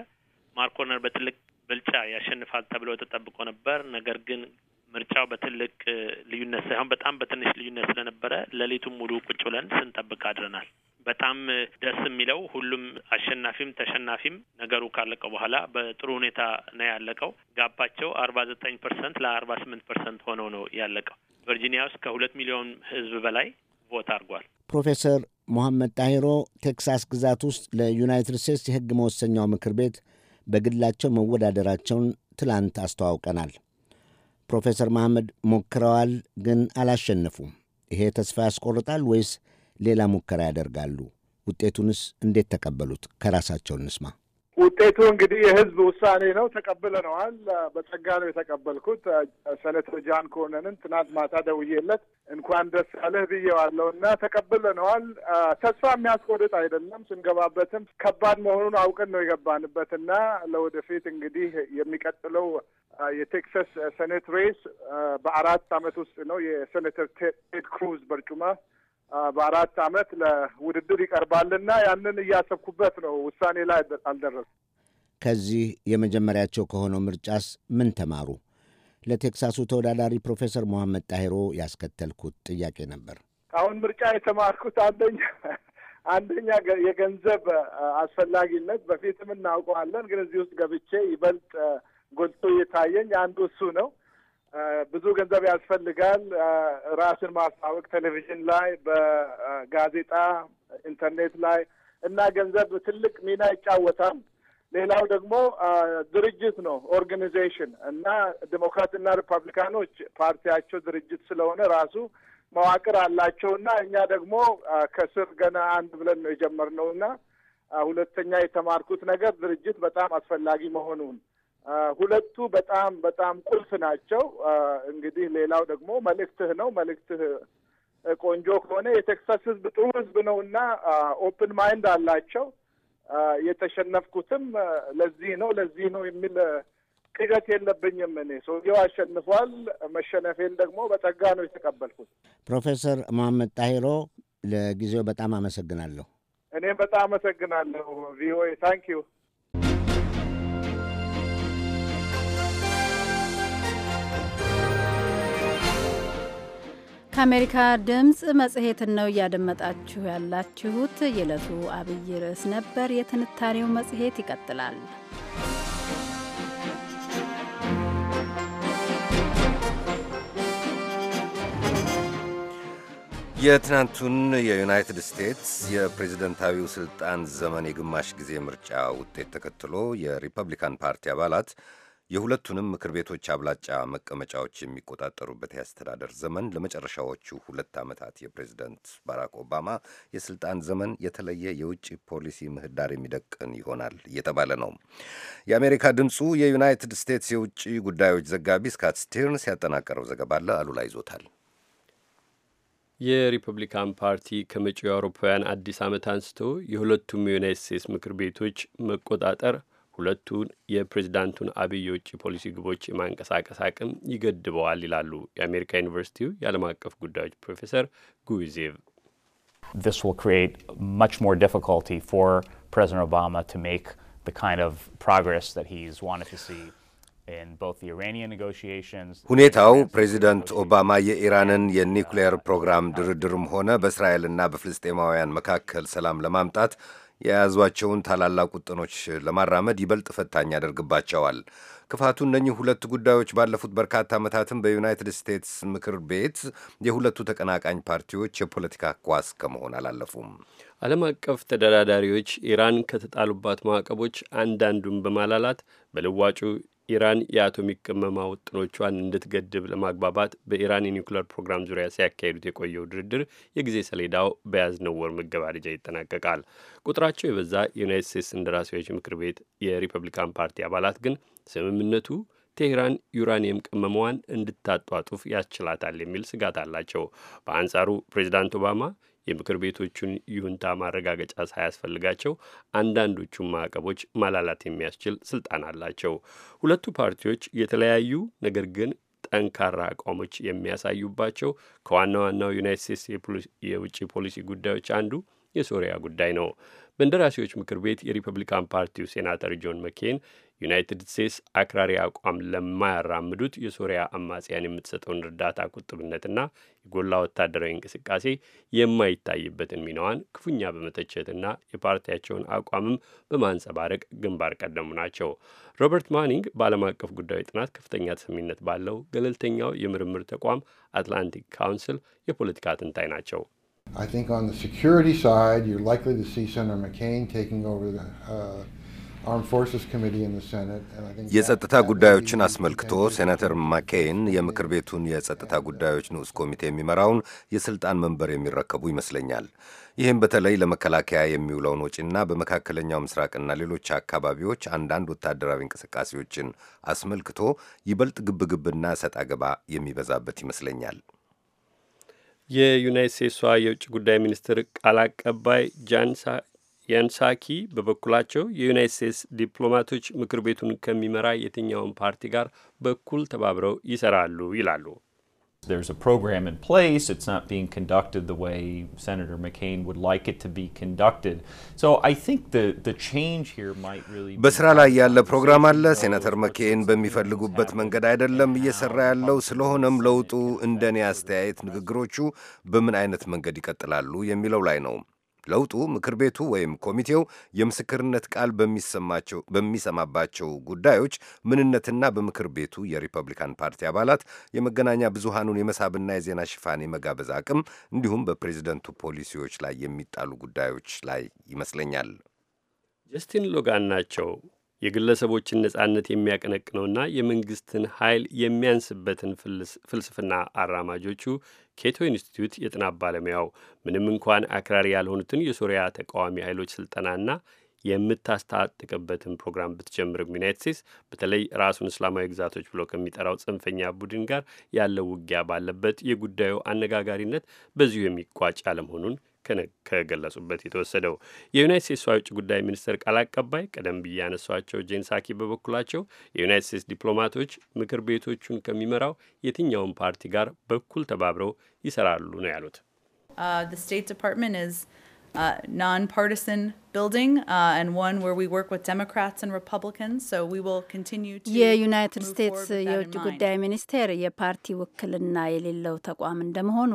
C: ማርክ ወርነር በትልቅ ብልጫ ያሸንፋል ተብሎ ተጠብቆ ነበር። ነገር ግን ምርጫው በትልቅ ልዩነት ሳይሆን በጣም በትንሽ ልዩነት ስለነበረ ሌሊቱን ሙሉ ቁጭ ብለን ስንጠብቅ አድረናል። በጣም ደስ የሚለው ሁሉም አሸናፊም ተሸናፊም ነገሩ ካለቀ በኋላ በጥሩ ሁኔታ ነው ያለቀው። ጋባቸው አርባ ዘጠኝ ፐርሰንት ለአርባ ስምንት ፐርሰንት ሆነው ነው ያለቀው። ቨርጂኒያ ውስጥ ከሁለት ሚሊዮን ህዝብ በላይ ቮት አድርጓል።
J: ፕሮፌሰር ሞሐመድ ጣሂሮ ቴክሳስ ግዛት ውስጥ ለዩናይትድ ስቴትስ የህግ መወሰኛው ምክር ቤት በግላቸው መወዳደራቸውን ትላንት አስተዋውቀናል። ፕሮፌሰር መሐመድ ሞክረዋል፣ ግን አላሸነፉም። ይሄ ተስፋ ያስቆርጣል ወይስ ሌላ ሙከራ ያደርጋሉ። ውጤቱንስ እንዴት ተቀበሉት? ከራሳቸው እንስማ።
D: ውጤቱ እንግዲህ የህዝብ ውሳኔ ነው። ተቀብለነዋል። በጸጋ ነው የተቀበልኩት። ሴኔተር ጃን ኮነንን ትናንት ማታ ደውዬለት እንኳን ደስ አለህ ብዬዋለሁ እና ተቀብለነዋል። ተስፋ የሚያስቆርጥ አይደለም። ስንገባበትም ከባድ መሆኑን አውቅን ነው የገባንበት እና ለወደፊት እንግዲህ የሚቀጥለው የቴክሳስ ሴኔት ሬስ በአራት አመት ውስጥ ነው የሴኔተር ቴድ ክሩዝ በርጩማ በአራት አመት ለውድድር ይቀርባልና ያንን እያሰብኩበት ነው። ውሳኔ ላይ አልደረሱ።
J: ከዚህ የመጀመሪያቸው ከሆነው ምርጫስ ምን ተማሩ? ለቴክሳሱ ተወዳዳሪ ፕሮፌሰር መሐመድ ጣሄሮ ያስከተልኩት ጥያቄ ነበር።
D: አሁን ምርጫ የተማርኩት አንደኛ አንደኛ የገንዘብ አስፈላጊነት በፊትም እናውቀዋለን፣ ግን እዚህ ውስጥ ገብቼ ይበልጥ ጎልቶ እየታየኝ አንዱ እሱ ነው። ብዙ ገንዘብ ያስፈልጋል። ራስን ማስታወቅ ቴሌቪዥን ላይ፣ በጋዜጣ ኢንተርኔት ላይ እና ገንዘብ ትልቅ ሚና ይጫወታል። ሌላው ደግሞ ድርጅት ነው ኦርጋኒዜሽን እና ዲሞክራትና ሪፐብሊካኖች ፓርቲያቸው ድርጅት ስለሆነ ራሱ መዋቅር አላቸው እና እኛ ደግሞ ከስር ገና አንድ ብለን ነው የጀመርነው እና ሁለተኛ የተማርኩት ነገር ድርጅት በጣም አስፈላጊ መሆኑን ሁለቱ በጣም በጣም ቁልፍ ናቸው። እንግዲህ ሌላው ደግሞ መልእክትህ ነው። መልእክትህ ቆንጆ ከሆነ የቴክሳስ ህዝብ ጥሩ ህዝብ ነው እና ኦፕን ማይንድ አላቸው። የተሸነፍኩትም ለዚህ ነው ለዚህ ነው የሚል ቅዠት የለብኝም። እኔ ሰውየው አሸንፏል። መሸነፌን ደግሞ በጸጋ ነው የተቀበልኩት።
J: ፕሮፌሰር መሐመድ ጣሂሮ ለጊዜው በጣም አመሰግናለሁ።
D: እኔም በጣም አመሰግናለሁ ቪኦኤ ታንኪዩ።
A: ከአሜሪካ ድምፅ መጽሔትን ነው እያደመጣችሁ ያላችሁት። የዕለቱ አብይ ርዕስ ነበር። የትንታኔው መጽሔት ይቀጥላል።
B: የትናንቱን የዩናይትድ ስቴትስ የፕሬዝደንታዊው ስልጣን ዘመን የግማሽ ጊዜ ምርጫ ውጤት ተከትሎ የሪፐብሊካን ፓርቲ አባላት የሁለቱንም ምክር ቤቶች አብላጫ መቀመጫዎች የሚቆጣጠሩበት የአስተዳደር ዘመን ለመጨረሻዎቹ ሁለት ዓመታት የፕሬዝደንት ባራክ ኦባማ የስልጣን ዘመን የተለየ የውጭ ፖሊሲ ምህዳር የሚደቅን ይሆናል እየተባለ ነው። የአሜሪካ ድምፁ የዩናይትድ ስቴትስ የውጭ ጉዳዮች ዘጋቢ ስካት ስቴርንስ ያጠናቀረው ዘገባ አለ አሉላ ይዞታል።
C: የሪፐብሊካን ፓርቲ ከመጪው የአውሮፓውያን አዲስ ዓመት አንስቶ የሁለቱም የዩናይት ስቴትስ ምክር ቤቶች መቆጣጠር ሁለቱን የፕሬዚዳንቱን አብይ የውጭ ፖሊሲ ግቦች የማንቀሳቀስ አቅም ይገድበዋል ይላሉ የአሜሪካ ዩኒቨርሲቲው የዓለም አቀፍ ጉዳዮች ፕሮፌሰር ጉዊዜቭ። This will create much more difficulty for President Obama to make the
A: kind of progress that he's wanted to see. in both the Iranian negotiations.
B: ሁኔታው ፕሬዚደንት ኦባማ የኢራንን የኒውክሌየር ፕሮግራም ድርድርም ሆነ በእስራኤልና በፍልስጤማውያን መካከል ሰላም ለማምጣት የያዟቸውን ታላላቅ ውጥኖች ለማራመድ ይበልጥ ፈታኝ ያደርግባቸዋል። ክፋቱ እነኚህ ሁለት ጉዳዮች ባለፉት በርካታ ዓመታትም በዩናይትድ ስቴትስ ምክር ቤት የሁለቱ ተቀናቃኝ ፓርቲዎች የፖለቲካ ኳስ
C: ከመሆን አላለፉም። ዓለም አቀፍ ተደራዳሪዎች ኢራን ከተጣሉባት ማዕቀቦች አንዳንዱን በማላላት በልዋጩ ኢራን የአቶሚክ ቅመማ ውጥኖቿን እንድትገድብ ለማግባባት በኢራን የኒውክሌር ፕሮግራም ዙሪያ ሲያካሂዱት የቆየው ድርድር የጊዜ ሰሌዳው በያዝነው ወር መገባደጃ ይጠናቀቃል። ቁጥራቸው የበዛ የዩናይት ስቴትስ እንደራሴዎች ምክር ቤት የሪፐብሊካን ፓርቲ አባላት ግን ስምምነቱ ቴህራን ዩራኒየም ቅመማዋን እንድታጧጡፍ ያስችላታል የሚል ስጋት አላቸው። በአንጻሩ ፕሬዚዳንት ኦባማ የምክር ቤቶቹን ይሁንታ ማረጋገጫ ሳያስፈልጋቸው አንዳንዶቹን ማዕቀቦች ማላላት የሚያስችል ስልጣን አላቸው። ሁለቱ ፓርቲዎች የተለያዩ ነገር ግን ጠንካራ አቋሞች የሚያሳዩባቸው ከዋና ዋናው ዩናይት ስቴትስ የውጭ ፖሊሲ ጉዳዮች አንዱ የሶሪያ ጉዳይ ነው። በእንደራሴዎች ምክር ቤት የሪፐብሊካን ፓርቲው ሴናተር ጆን መኬን ዩናይትድ ስቴትስ አክራሪ አቋም ለማያራምዱት የሶሪያ አማጽያን የምትሰጠውን እርዳታ ቁጥብነትና የጎላ ወታደራዊ እንቅስቃሴ የማይታይበትን ሚናዋን ክፉኛ በመተቸትና የፓርቲያቸውን አቋምም በማንጸባረቅ ግንባር ቀደሙ ናቸው። ሮበርት ማኒንግ በዓለም አቀፍ ጉዳዮች ጥናት ከፍተኛ ተሰሚነት ባለው ገለልተኛው የምርምር ተቋም አትላንቲክ ካውንስል የፖለቲካ ትንታይ ናቸው።
D: I think on the security side, you're likely to see Senator McCain taking over the uh,
B: የጸጥታ ጉዳዮችን አስመልክቶ ሴናተር ማኬይን የምክር ቤቱን የጸጥታ ጉዳዮች ንዑስ ኮሚቴ የሚመራውን የስልጣን መንበር የሚረከቡ ይመስለኛል። ይህም በተለይ ለመከላከያ የሚውለውን ወጪና በመካከለኛው ምስራቅና ሌሎች አካባቢዎች አንዳንድ ወታደራዊ እንቅስቃሴዎችን አስመልክቶ ይበልጥ ግብግብና ሰጣ አገባ
C: የሚበዛበት ይመስለኛል። የዩናይት ስቴትሷ የውጭ ጉዳይ ሚኒስትር ቃል አቀባይ ጃን የንሳኪ በበኩላቸው የዩናይት ስቴትስ ዲፕሎማቶች ምክር ቤቱን ከሚመራ የትኛውን ፓርቲ ጋር በኩል ተባብረው ይሰራሉ ይላሉ። There's a program in place. It's not being conducted the way Senator McCain would like it to be conducted. So I think the, the change here might really በስራ ላይ
B: ያለ ፕሮግራም አለ። ሴናተር መኬን በሚፈልጉበት መንገድ አይደለም እየሰራ ያለው። ስለሆነም ለውጡ እንደኔ አስተያየት ንግግሮቹ በምን አይነት መንገድ ይቀጥላሉ የሚለው ላይ ነው። ለውጡ ምክር ቤቱ ወይም ኮሚቴው የምስክርነት ቃል በሚሰማባቸው ጉዳዮች ምንነትና በምክር ቤቱ የሪፐብሊካን ፓርቲ አባላት የመገናኛ ብዙሃኑን የመሳብና የዜና ሽፋን የመጋበዝ አቅም እንዲሁም በፕሬዚደንቱ ፖሊሲዎች ላይ የሚጣሉ ጉዳዮች ላይ ይመስለኛል።
C: ጀስቲን ሎጋን ናቸው የግለሰቦችን ነጻነት የሚያቀነቅነውና የመንግስትን ኃይል የሚያንስበትን ፍልስፍና አራማጆቹ ኬቶ ኢንስቲትዩት የጥናት ባለሙያው ምንም እንኳን አክራሪ ያልሆኑትን የሶሪያ ተቃዋሚ ኃይሎች ስልጠናና የምታስታጥቅበትን ፕሮግራም ብትጀምርም ዩናይት ስቴትስ በተለይ ራሱን እስላማዊ ግዛቶች ብሎ ከሚጠራው ጽንፈኛ ቡድን ጋር ያለው ውጊያ ባለበት የጉዳዩ አነጋጋሪነት በዚሁ የሚቋጭ አለመሆኑን ከገለጹበት የተወሰደው። የዩናይት ስቴትስ የውጭ ጉዳይ ሚኒስቴር ቃል አቀባይ ቀደም ብዬ ያነሷቸው ጄን ሳኪ በበኩላቸው የዩናይት ስቴትስ ዲፕሎማቶች ምክር ቤቶቹን ከሚመራው የትኛውን ፓርቲ ጋር በኩል ተባብረው ይሰራሉ ነው ያሉት።
L: uh, uh, uh, የዩናይትድ ስቴትስ የውጭ ጉዳይ
A: ሚኒስቴር የፓርቲ ውክልና የሌለው ተቋም እንደመሆኑ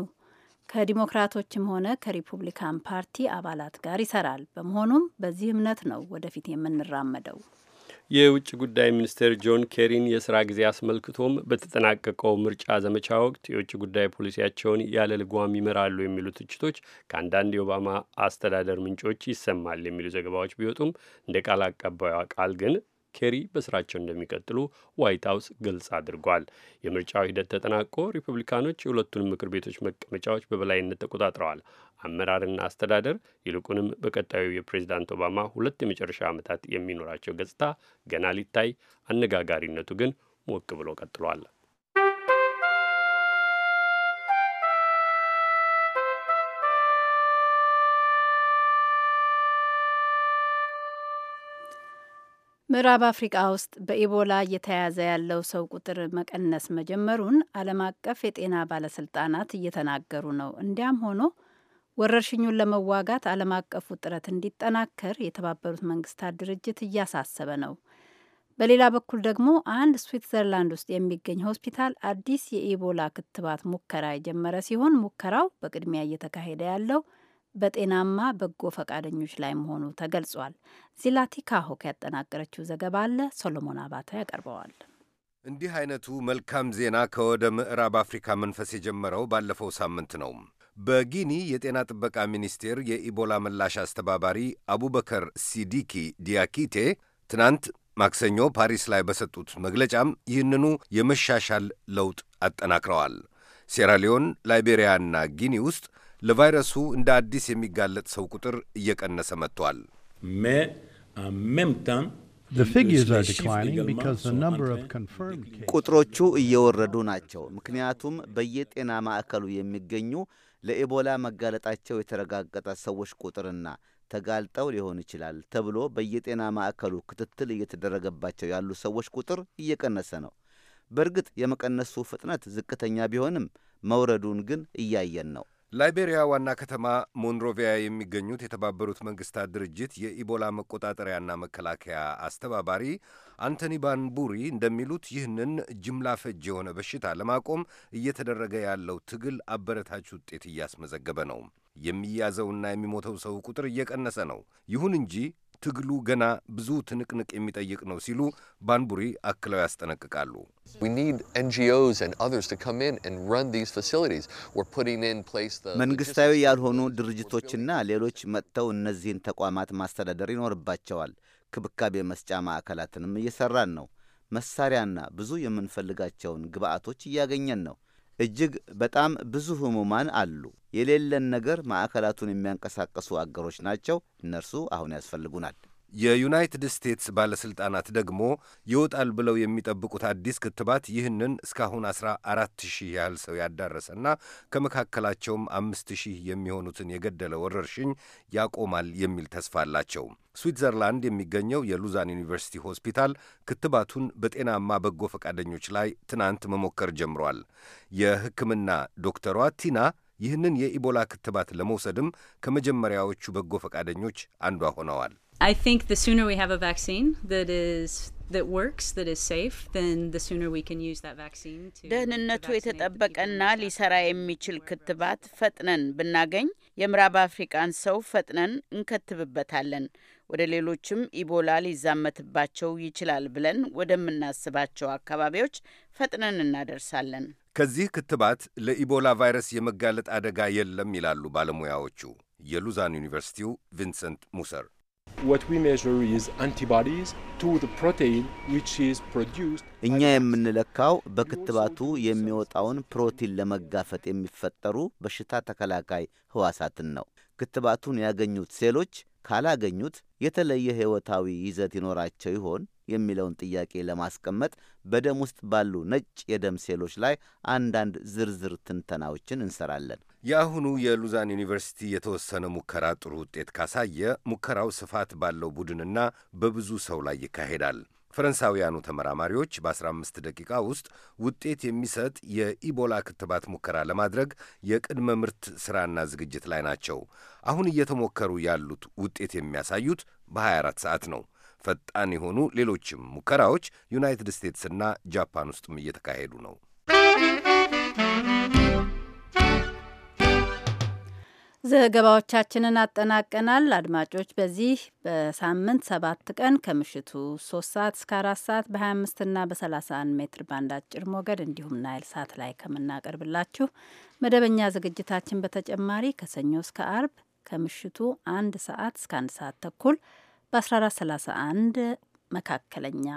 A: ከዲሞክራቶችም ሆነ ከሪፑብሊካን ፓርቲ አባላት ጋር ይሰራል። በመሆኑም በዚህ እምነት ነው ወደፊት የምንራመደው።
C: የውጭ ጉዳይ ሚኒስትር ጆን ኬሪን የስራ ጊዜ አስመልክቶም በተጠናቀቀው ምርጫ ዘመቻ ወቅት የውጭ ጉዳይ ፖሊሲያቸውን ያለ ልጓም ይመራሉ የሚሉ ትችቶች ከአንዳንድ የኦባማ አስተዳደር ምንጮች ይሰማል የሚሉ ዘገባዎች ቢወጡም እንደ ቃል አቀባዩ ቃል ግን ኬሪ በስራቸው እንደሚቀጥሉ ዋይት ሀውስ ግልጽ አድርጓል። የምርጫው ሂደት ተጠናቆ ሪፐብሊካኖች የሁለቱንም ምክር ቤቶች መቀመጫዎች በበላይነት ተቆጣጥረዋል። አመራርና አስተዳደር ይልቁንም በቀጣዩ የፕሬዚዳንት ኦባማ ሁለት የመጨረሻ ዓመታት የሚኖራቸው ገጽታ ገና ሊታይ፣ አነጋጋሪነቱ ግን ሞቅ ብሎ ቀጥሏል።
A: ምዕራብ አፍሪቃ ውስጥ በኢቦላ እየተያዘ ያለው ሰው ቁጥር መቀነስ መጀመሩን ዓለም አቀፍ የጤና ባለስልጣናት እየተናገሩ ነው። እንዲያም ሆኖ ወረርሽኙን ለመዋጋት ዓለም አቀፉ ጥረት እንዲጠናከር የተባበሩት መንግስታት ድርጅት እያሳሰበ ነው። በሌላ በኩል ደግሞ አንድ ስዊትዘርላንድ ውስጥ የሚገኝ ሆስፒታል አዲስ የኢቦላ ክትባት ሙከራ የጀመረ ሲሆን ሙከራው በቅድሚያ እየተካሄደ ያለው በጤናማ በጎ ፈቃደኞች ላይ መሆኑ ተገልጿል። ዚላቲካ ሆክ ያጠናቀረችው ዘገባ አለ። ሶሎሞን አባተ ያቀርበዋል።
B: እንዲህ አይነቱ መልካም ዜና ከወደ ምዕራብ አፍሪካ መንፈስ የጀመረው ባለፈው ሳምንት ነው። በጊኒ የጤና ጥበቃ ሚኒስቴር የኢቦላ ምላሽ አስተባባሪ አቡበከር ሲዲኪ ዲያኪቴ ትናንት ማክሰኞ ፓሪስ ላይ በሰጡት መግለጫም ይህንኑ የመሻሻል ለውጥ አጠናክረዋል። ሴራሊዮን፣ ላይቤሪያና ጊኒ ውስጥ ለቫይረሱ እንደ አዲስ የሚጋለጥ ሰው ቁጥር እየቀነሰ መጥቷል። ቁጥሮቹ እየወረዱ ናቸው።
L: ምክንያቱም በየጤና ማዕከሉ የሚገኙ ለኢቦላ መጋለጣቸው የተረጋገጠ ሰዎች ቁጥርና ተጋልጠው ሊሆን ይችላል ተብሎ በየጤና ማዕከሉ ክትትል እየተደረገባቸው ያሉ ሰዎች ቁጥር እየቀነሰ ነው። በእርግጥ የመቀነሱ ፍጥነት ዝቅተኛ ቢሆንም መውረዱን ግን እያየን ነው።
B: ላይቤሪያ ዋና ከተማ ሞንሮቪያ የሚገኙት የተባበሩት መንግስታት ድርጅት የኢቦላ መቆጣጠሪያና መከላከያ አስተባባሪ አንቶኒ ባንቡሪ እንደሚሉት ይህንን ጅምላ ፈጅ የሆነ በሽታ ለማቆም እየተደረገ ያለው ትግል አበረታች ውጤት እያስመዘገበ ነው። የሚያዘውና የሚሞተው ሰው ቁጥር እየቀነሰ ነው። ይሁን እንጂ ትግሉ ገና ብዙ ትንቅንቅ የሚጠይቅ ነው ሲሉ ባንቡሪ አክለው ያስጠነቅቃሉ። መንግስታዊ ያልሆኑ ድርጅቶችና
L: ሌሎች መጥተው እነዚህን ተቋማት ማስተዳደር ይኖርባቸዋል። ክብካቤ መስጫ ማዕከላትንም እየሠራን ነው። መሳሪያና ብዙ የምንፈልጋቸውን ግብአቶች እያገኘን ነው። እጅግ በጣም ብዙ ህሙማን አሉ። የሌለን ነገር ማዕከላቱን
B: የሚያንቀሳቀሱ አገሮች ናቸው። እነርሱ አሁን ያስፈልጉናል። የዩናይትድ ስቴትስ ባለሥልጣናት ደግሞ ይወጣል ብለው የሚጠብቁት አዲስ ክትባት ይህንን እስካሁን አስራ አራት ሺህ ያህል ሰው ያዳረሰና ከመካከላቸውም አምስት ሺህ የሚሆኑትን የገደለ ወረርሽኝ ያቆማል የሚል ተስፋ አላቸው። ስዊትዘርላንድ የሚገኘው የሉዛን ዩኒቨርሲቲ ሆስፒታል ክትባቱን በጤናማ በጎ ፈቃደኞች ላይ ትናንት መሞከር ጀምሯል። የሕክምና ዶክተሯ ቲና ይህንን የኢቦላ ክትባት ለመውሰድም ከመጀመሪያዎቹ በጎ ፈቃደኞች አንዷ ሆነዋል።
K: I think the sooner we have a vaccine that is that works that is safe then the sooner we can use that vaccine to ደህንነቱ
I: የተጠበቀና ሊሰራ የሚችል ክትባት ፈጥነን ብናገኝ የምዕራብ አፍሪቃን ሰው ፈጥነን እንከትብበታለን። ወደ ሌሎችም ኢቦላ ሊዛመትባቸው ይችላል ብለን ወደምናስባቸው አካባቢዎች ፈጥነን እናደርሳለን።
B: ከዚህ ክትባት ለኢቦላ ቫይረስ የመጋለጥ አደጋ የለም ይላሉ ባለሙያዎቹ። የሉዛን ዩኒቨርሲቲው ቪንሰንት ሙሰር
L: እኛ የምንለካው በክትባቱ የሚወጣውን ፕሮቲን ለመጋፈጥ የሚፈጠሩ በሽታ ተከላካይ ህዋሳትን ነው። ክትባቱን ያገኙት ሴሎች ካላገኙት የተለየ ህይወታዊ ይዘት ይኖራቸው ይሆን የሚለውን ጥያቄ ለማስቀመጥ በደም ውስጥ ባሉ ነጭ የደም ሴሎች ላይ
B: አንዳንድ ዝርዝር ትንተናዎችን እንሰራለን። የአሁኑ የሉዛን ዩኒቨርሲቲ የተወሰነ ሙከራ ጥሩ ውጤት ካሳየ ሙከራው ስፋት ባለው ቡድንና በብዙ ሰው ላይ ይካሄዳል። ፈረንሳውያኑ ተመራማሪዎች በ15 ደቂቃ ውስጥ ውጤት የሚሰጥ የኢቦላ ክትባት ሙከራ ለማድረግ የቅድመ ምርት ሥራና ዝግጅት ላይ ናቸው። አሁን እየተሞከሩ ያሉት ውጤት የሚያሳዩት በ24 ሰዓት ነው። ፈጣን የሆኑ ሌሎችም ሙከራዎች ዩናይትድ ስቴትስና ጃፓን ውስጥም እየተካሄዱ ነው።
A: ዘገባዎቻችንን አጠናቀናል። አድማጮች በዚህ በሳምንት ሰባት ቀን ከምሽቱ ሶስት ሰዓት እስከ አራት ሰዓት በሀያ አምስት ና በሰላሳ አንድ ሜትር ባንድ አጭር ሞገድ እንዲሁም ናይል ሳት ላይ ከምናቀርብላችሁ መደበኛ ዝግጅታችን በተጨማሪ ከሰኞ እስከ አርብ ከምሽቱ አንድ ሰዓት እስከ አንድ ሰዓት ተኩል በ1431 መካከለኛ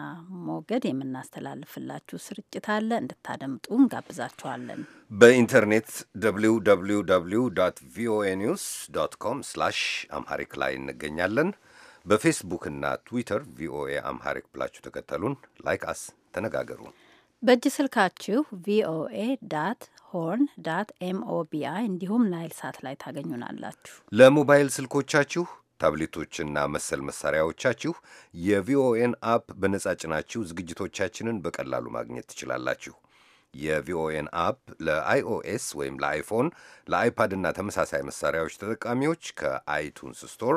A: ሞገድ የምናስተላልፍላችሁ ስርጭት አለ። እንድታደምጡ እንጋብዛችኋለን።
B: በኢንተርኔት ደብሊው ደብሊው ደብሊው ዶት ቪኦኤ ኒውስ ዶት ኮም ስላሽ አምሃሪክ ላይ እንገኛለን። በፌስቡክና ትዊተር ቪኦኤ አምሃሪክ ብላችሁ ተከተሉን፣ ላይክ አስ፣ ተነጋገሩ።
A: በእጅ ስልካችሁ ቪኦኤ ዳት ሆርን ዳት ኤምኦቢአይ እንዲሁም ናይል ሳት ላይ ታገኙናላችሁ።
B: ለሞባይል ስልኮቻችሁ ታብሌቶችና መሰል መሳሪያዎቻችሁ የቪኦኤን አፕ በነጻ ጭናችሁ ዝግጅቶቻችንን በቀላሉ ማግኘት ትችላላችሁ። የቪኦኤን አፕ ለአይኦኤስ ወይም ለአይፎን፣ ለአይፓድ እና ተመሳሳይ መሳሪያዎች ተጠቃሚዎች ከአይቱንስ ስቶር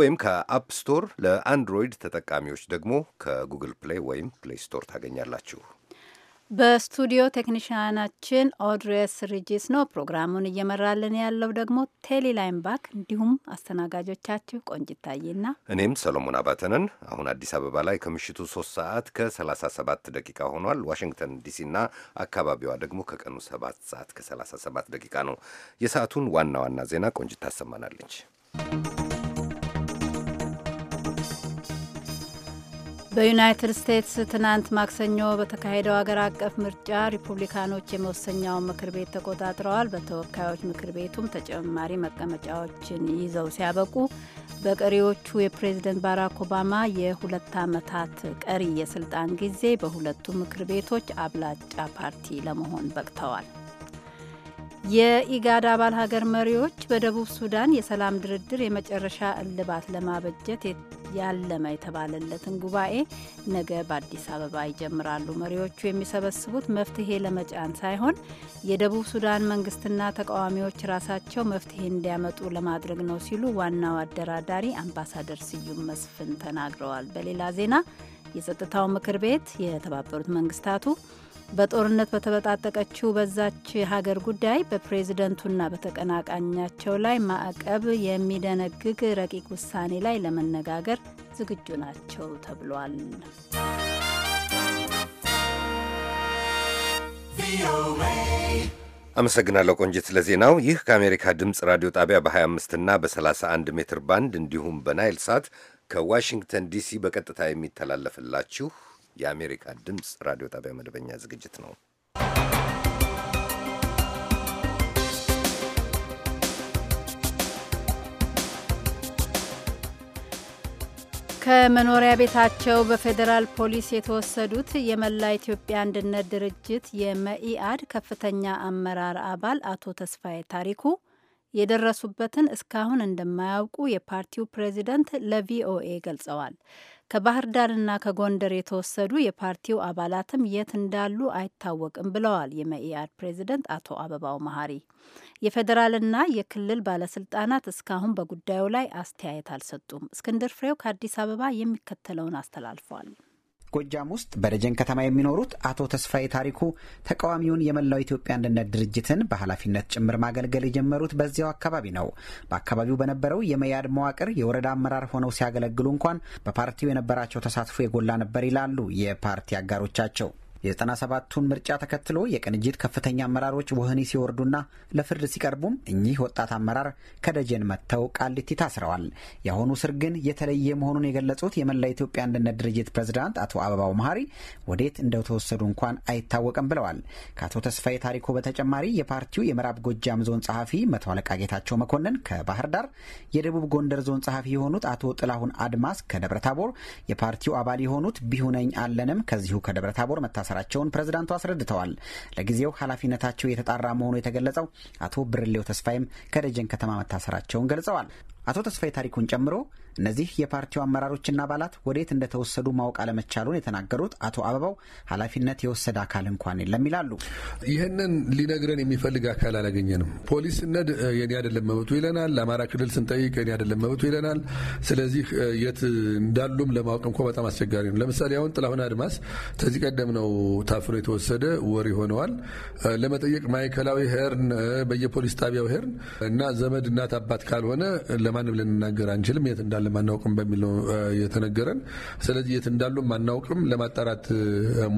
B: ወይም ከአፕ ስቶር፣ ለአንድሮይድ ተጠቃሚዎች ደግሞ ከጉግል ፕሌይ ወይም ፕሌይ ስቶር ታገኛላችሁ።
A: በስቱዲዮ ቴክኒሽያናችን ኦድሬስ ሪጂስ ነው። ፕሮግራሙን እየመራልን ያለው ደግሞ ቴሌላይም ባክ፣ እንዲሁም አስተናጋጆቻችሁ ቆንጅታዬና
B: እኔም ሰሎሞን አባተንን። አሁን አዲስ አበባ ላይ ከምሽቱ ሶስት ሰዓት ከሰላሳ ሰባት ደቂቃ ሆኗል። ዋሽንግተን ዲሲና አካባቢዋ ደግሞ ከቀኑ ሰባት ሰዓት ከሰላሳ ሰባት ደቂቃ ነው። የሰዓቱን ዋና ዋና ዜና ቆንጅታ you.
A: በዩናይትድ ስቴትስ ትናንት ማክሰኞ በተካሄደው አገር አቀፍ ምርጫ ሪፑብሊካኖች የመወሰኛውን ምክር ቤት ተቆጣጥረዋል። በተወካዮች ምክር ቤቱም ተጨማሪ መቀመጫዎችን ይዘው ሲያበቁ በቀሪዎቹ የፕሬዝደንት ባራክ ኦባማ የሁለት ዓመታት ቀሪ የስልጣን ጊዜ በሁለቱ ምክር ቤቶች አብላጫ ፓርቲ ለመሆን በቅተዋል። የኢጋድ አባል ሀገር መሪዎች በደቡብ ሱዳን የሰላም ድርድር የመጨረሻ እልባት ለማበጀት ያለመ የተባለለትን ጉባኤ ነገ በአዲስ አበባ ይጀምራሉ። መሪዎቹ የሚሰበስቡት መፍትሄ ለመጫን ሳይሆን የደቡብ ሱዳን መንግስትና ተቃዋሚዎች ራሳቸው መፍትሄ እንዲያመጡ ለማድረግ ነው ሲሉ ዋናው አደራዳሪ አምባሳደር ስዩም መስፍን ተናግረዋል። በሌላ ዜና የጸጥታው ምክር ቤት የተባበሩት መንግስታቱ በጦርነት በተበጣጠቀችው በዛች ሀገር ጉዳይ በፕሬዝደንቱና በተቀናቃኛቸው ላይ ማዕቀብ የሚደነግግ ረቂቅ ውሳኔ ላይ ለመነጋገር ዝግጁ ናቸው ተብሏል።
B: አመሰግናለሁ ቆንጂት ለዜናው። ይህ ከአሜሪካ ድምፅ ራዲዮ ጣቢያ በ25 እና በ31 ሜትር ባንድ እንዲሁም በናይል ሳት ከዋሽንግተን ዲሲ በቀጥታ የሚተላለፍላችሁ የአሜሪካ ድምፅ ራዲዮ ጣቢያ መደበኛ ዝግጅት ነው።
A: ከመኖሪያ ቤታቸው በፌዴራል ፖሊስ የተወሰዱት የመላ ኢትዮጵያ አንድነት ድርጅት የመኢአድ ከፍተኛ አመራር አባል አቶ ተስፋዬ ታሪኩ የደረሱበትን እስካሁን እንደማያውቁ የፓርቲው ፕሬዚደንት ለቪኦኤ ገልጸዋል። ከባህር ዳርና ከጎንደር የተወሰዱ የፓርቲው አባላትም የት እንዳሉ አይታወቅም ብለዋል የመኢአድ ፕሬዚደንት አቶ አበባው መሀሪ። የፌዴራልና የክልል ባለስልጣናት እስካሁን በጉዳዩ ላይ አስተያየት አልሰጡም። እስክንድር ፍሬው ከአዲስ አበባ የሚከተለውን አስተላልፏል።
E: ጎጃም ውስጥ በደጀን ከተማ የሚኖሩት አቶ ተስፋዬ ታሪኩ ተቃዋሚውን የመላው ኢትዮጵያ አንድነት ድርጅትን በኃላፊነት ጭምር ማገልገል የጀመሩት በዚያው አካባቢ ነው። በአካባቢው በነበረው የመያድ መዋቅር የወረዳ አመራር ሆነው ሲያገለግሉ እንኳን በፓርቲው የነበራቸው ተሳትፎ የጎላ ነበር ይላሉ የፓርቲ አጋሮቻቸው። የ97ቱን ምርጫ ተከትሎ የቅንጅት ከፍተኛ አመራሮች ወህኒ ሲወርዱና ለፍርድ ሲቀርቡም እኚህ ወጣት አመራር ከደጀን መጥተው ቃሊቲ ታስረዋል። የአሁኑ ስር ግን የተለየ መሆኑን የገለጹት የመላ ኢትዮጵያ አንድነት ድርጅት ፕሬዝዳንት አቶ አበባው መሀሪ ወዴት እንደተወሰዱ እንኳን አይታወቅም ብለዋል። ከአቶ ተስፋዬ ታሪኩ በተጨማሪ የፓርቲው የምዕራብ ጎጃም ዞን ጸሐፊ መቶ አለቃ ጌታቸው መኮንን ከባህር ዳር፣ የደቡብ ጎንደር ዞን ጸሐፊ የሆኑት አቶ ጥላሁን አድማስ ከደብረታቦር፣ የፓርቲው አባል የሆኑት ቢሁነኝ አለንም ከዚሁ ከደብረታቦር መታሰ መታሰራቸውን ፕሬዝዳንቱ አስረድተዋል። ለጊዜው ኃላፊነታቸው የተጣራ መሆኑ የተገለጸው አቶ ብርሌው ተስፋይም ከደጀን ከተማ መታሰራቸውን ገልጸዋል። አቶ ተስፋዬ ታሪኩን ጨምሮ እነዚህ የፓርቲው አመራሮችና አባላት ወዴት እንደተወሰዱ ማወቅ
G: አለመቻሉን የተናገሩት አቶ አበባው ኃላፊነት የወሰደ አካል እንኳን የለም ይላሉ። ይህንን ሊነግረን የሚፈልግ አካል አላገኘንም። ፖሊስ ስነድ የኔ አይደለም መብቱ ይለናል። ለአማራ ክልል ስንጠይቅ የኔ አይደለም መብቱ ይለናል። ስለዚህ የት እንዳሉም ለማወቅ እንኳ በጣም አስቸጋሪ ነው። ለምሳሌ አሁን ጥላሁን አድማስ ከዚህ ቀደም ነው ታፍኖ የተወሰደ ወር ይሆነዋል። ለመጠየቅ ማዕከላዊ ሄርን፣ በየፖሊስ ጣቢያው ሄርን እና ዘመድ እናት አባት ካልሆነ ማንም ልንናገር አንችልም፣ የት እንዳለ ማናውቅም በሚል ነው የተነገረን። ስለዚህ የት እንዳሉ ማናውቅም፣ ለማጣራት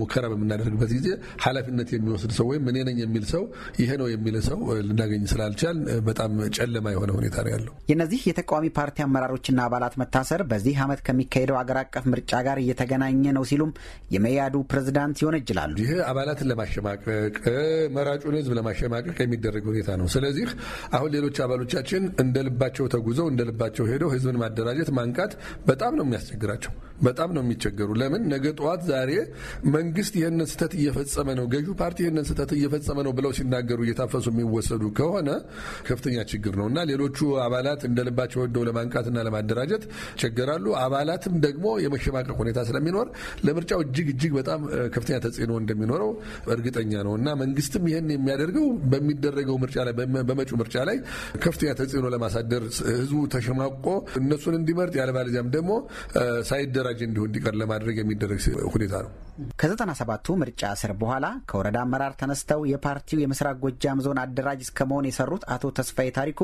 G: ሙከራ በምናደርግበት ጊዜ ኃላፊነት የሚወስድ ሰው ወይም እኔ ነኝ የሚል ሰው ይሄ ነው የሚል ሰው ልናገኝ ስላልቻል በጣም ጨለማ የሆነ ሁኔታ ነው ያለው።
E: የነዚህ የተቃዋሚ ፓርቲ አመራሮችና አባላት መታሰር በዚህ ዓመት ከሚካሄደው አገር አቀፍ ምርጫ ጋር እየተገናኘ
G: ነው ሲሉም የመያዱ ፕሬዝዳንት ይወነጅላሉ። ይህ አባላትን ለማሸማቀቅ መራጩን ህዝብ ለማሸማቀቅ የሚደረግ ሁኔታ ነው። ስለዚህ አሁን ሌሎች አባሎቻችን እንደ ልባቸው ተጉዘው እንደ ልባቸው ሄደው ህዝብን ማደራጀት ማንቃት በጣም ነው የሚያስቸግራቸው። በጣም ነው የሚቸገሩ። ለምን ነገ ጠዋት ዛሬ መንግስት ይህንን ስህተት እየፈጸመ ነው፣ ገዢው ፓርቲ ይህንን ስህተት እየፈጸመ ነው ብለው ሲናገሩ እየታፈሱ የሚወሰዱ ከሆነ ከፍተኛ ችግር ነው እና ሌሎቹ አባላት እንደ ልባቸው ወደው ለማንቃትና ለማደራጀት ይቸገራሉ። አባላትም ደግሞ የመሸማቀቅ ሁኔታ ስለሚኖር ለምርጫው እጅግ እጅግ በጣም ከፍተኛ ተጽዕኖ እንደሚኖረው እርግጠኛ ነው እና መንግስትም ይህን የሚያደርገው በሚደረገው ምርጫ ላይ በመጪው ምርጫ ላይ ከፍተኛ ተጽዕኖ ለማሳደር ህዝቡ ተሸማቆ እነሱን እንዲመርጥ ያለበለዚያም ደግሞ ሳይደራጅ እንዲሁ እንዲቀር ለማድረግ የሚደረግ ሁኔታ ነው።
E: ከዘጠና ሰባቱ ምርጫ እስር በኋላ ከወረዳ አመራር ተነስተው የፓርቲው የምስራቅ ጎጃም ዞን አደራጅ እስከ መሆን የሰሩት አቶ ተስፋዬ ታሪኩ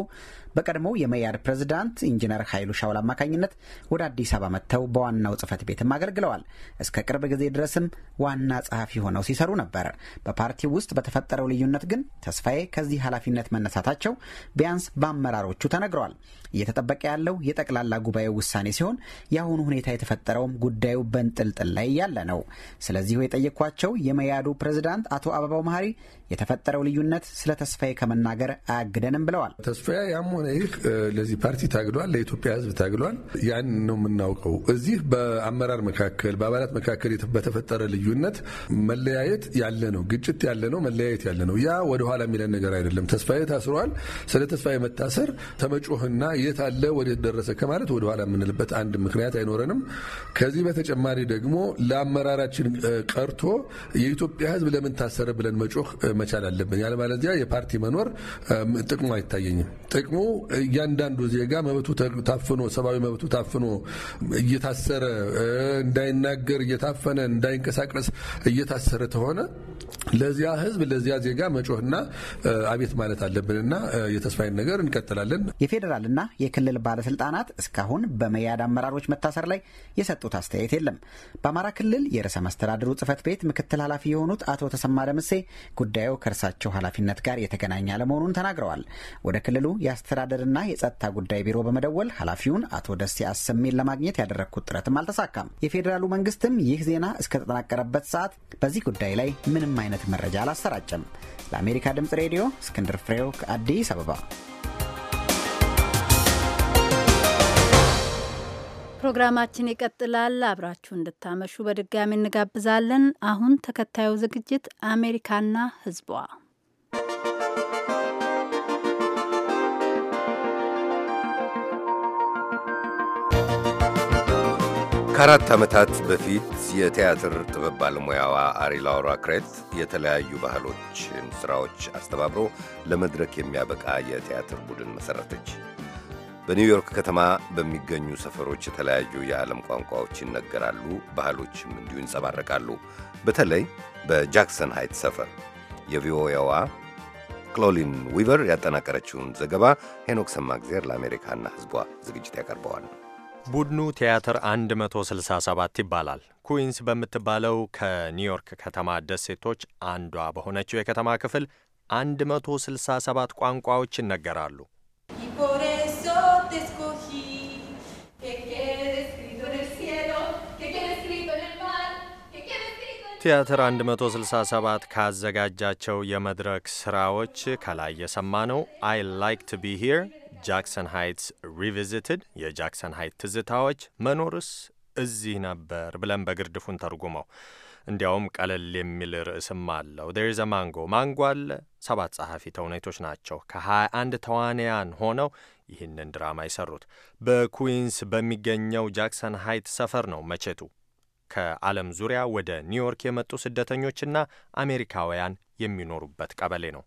E: በቀድሞው የመያድ ፕሬዝዳንት ኢንጂነር ኃይሉ ሻውል አማካኝነት ወደ አዲስ አበባ መጥተው በዋናው ጽህፈት ቤትም አገልግለዋል። እስከ ቅርብ ጊዜ ድረስም ዋና ጸሐፊ ሆነው ሲሰሩ ነበር። በፓርቲው ውስጥ በተፈጠረው ልዩነት ግን ተስፋዬ ከዚህ ኃላፊነት መነሳታቸው ቢያንስ በአመራሮቹ ተነግረዋል። እየተጠበቀ ያለው የጠቅላላ ጉባኤው ውሳኔ ሲሆን የአሁኑ ሁኔታ የተፈጠረውም ጉዳዩ በንጥልጥል ላይ ያለ ነው። ስለዚሁ የጠየቅኳቸው የመያዱ ፕሬዝዳንት አቶ አበባው መሀሪ የተፈጠረው ልዩነት ስለ ተስፋዬ ከመናገር አያግደንም ብለዋል። ተስፋዬ
G: ያም ሆነ ይህ ለዚህ ፓርቲ ታግሏል፣ ለኢትዮጵያ ሕዝብ ታግሏል። ያን ነው የምናውቀው። እዚህ በአመራር መካከል፣ በአባላት መካከል በተፈጠረ ልዩነት መለያየት ያለ ነው፣ ግጭት ያለ ነው፣ መለያየት ያለ ነው። ያ ወደኋላ የሚለን ነገር አይደለም። ተስፋዬ ታስሯል። ስለ ተስፋዬ መታሰር ተመጮህና የት አለ ወዴት ደረሰ ከማለት ወደኋላ የምንልበት አንድ ምክንያት አይኖረንም። ከዚህ በተጨማሪ ደግሞ ለአመራራችን ቀርቶ የኢትዮጵያ ሕዝብ ለምን ታሰረ ብለን መጮህ መቻል አለብን። ያለበለዚያ የፓርቲ መኖር ጥቅሙ አይታየኝም። ጥቅሙ እያንዳንዱ ዜጋ መብቱ ታፍኖ፣ ሰብአዊ መብቱ ታፍኖ እየታሰረ እንዳይናገር እየታፈነ እንዳይንቀሳቀስ እየታሰረ ተሆነ ለዚያ ህዝብ ለዚያ ዜጋ መጮህና አቤት ማለት አለብንና የተስፋይን ነገር እንቀጥላለን። የፌዴራልና የክልል
E: ባለስልጣናት እስካሁን በመያድ አመራሮች መታሰር ላይ የሰጡት አስተያየት የለም። በአማራ ክልል የርዕሰ መስተዳድሩ ጽህፈት ቤት ምክትል ኃላፊ የሆኑት አቶ ተሰማ ደምሴ ጉዳዩ ጉዳዩ ከእርሳቸው ኃላፊነት ጋር የተገናኘ አለመሆኑን ተናግረዋል። ወደ ክልሉ የአስተዳደርና የጸጥታ ጉዳይ ቢሮ በመደወል ኃላፊውን አቶ ደሴ አሰሜን ለማግኘት ያደረግኩት ጥረትም አልተሳካም። የፌዴራሉ መንግስትም ይህ ዜና እስከተጠናቀረበት ሰዓት በዚህ ጉዳይ ላይ ምንም አይነት መረጃ አላሰራጭም። ለአሜሪካ ድምፅ ሬዲዮ እስክንድር ፍሬው ከአዲስ አበባ
A: ፕሮግራማችን ይቀጥላል። አብራችሁ እንድታመሹ በድጋሚ እንጋብዛለን። አሁን ተከታዩ ዝግጅት አሜሪካና ሕዝቧ
B: ከአራት ዓመታት በፊት የቲያትር ጥበብ ባለሙያዋ አሪ ላውራ ክሬት የተለያዩ ባህሎችን ሥራዎች አስተባብሮ ለመድረክ የሚያበቃ የቲያትር ቡድን መሠረተች። በኒውዮርክ ከተማ በሚገኙ ሰፈሮች የተለያዩ የዓለም ቋንቋዎች ይነገራሉ፣ ባህሎችም እንዲሁ ይንጸባረቃሉ። በተለይ በጃክሰን ሃይት ሰፈር የቪኦኤዋ ክሎሊን ዊቨር ያጠናቀረችውን ዘገባ ሄኖክ ሰማግዜር ለአሜሪካና ሕዝቧ
F: ዝግጅት ያቀርበዋል። ቡድኑ ቲያትር 167 ይባላል። ኩዊንስ በምትባለው ከኒውዮርክ ከተማ ደሴቶች አንዷ በሆነችው የከተማ ክፍል 167 ቋንቋዎች ይነገራሉ። ቲያትር 167 ካዘጋጃቸው የመድረክ ስራዎች ከላይ የሰማነው አይ ላይክ ቱ ቢ ሂር፣ ጃክሰን ሃይትስ ሪቪዚትድ፣ የጃክሰን ሃይት ትዝታዎች፣ መኖርስ እዚህ ነበር ብለን በግርድፉን ተርጉመው እንዲያውም ቀለል የሚል ርዕስም አለው። ዘ ማንጎ ማንጎ አለ። ሰባት ጸሐፊ ተውኔቶች ናቸው ከ21 ተዋንያን ሆነው ይህንን ድራማ የሰሩት። በኩዊንስ በሚገኘው ጃክሰን ሃይት ሰፈር ነው መቼቱ። ከዓለም ዙሪያ ወደ ኒውዮርክ የመጡ ስደተኞችና አሜሪካውያን የሚኖሩበት ቀበሌ ነው።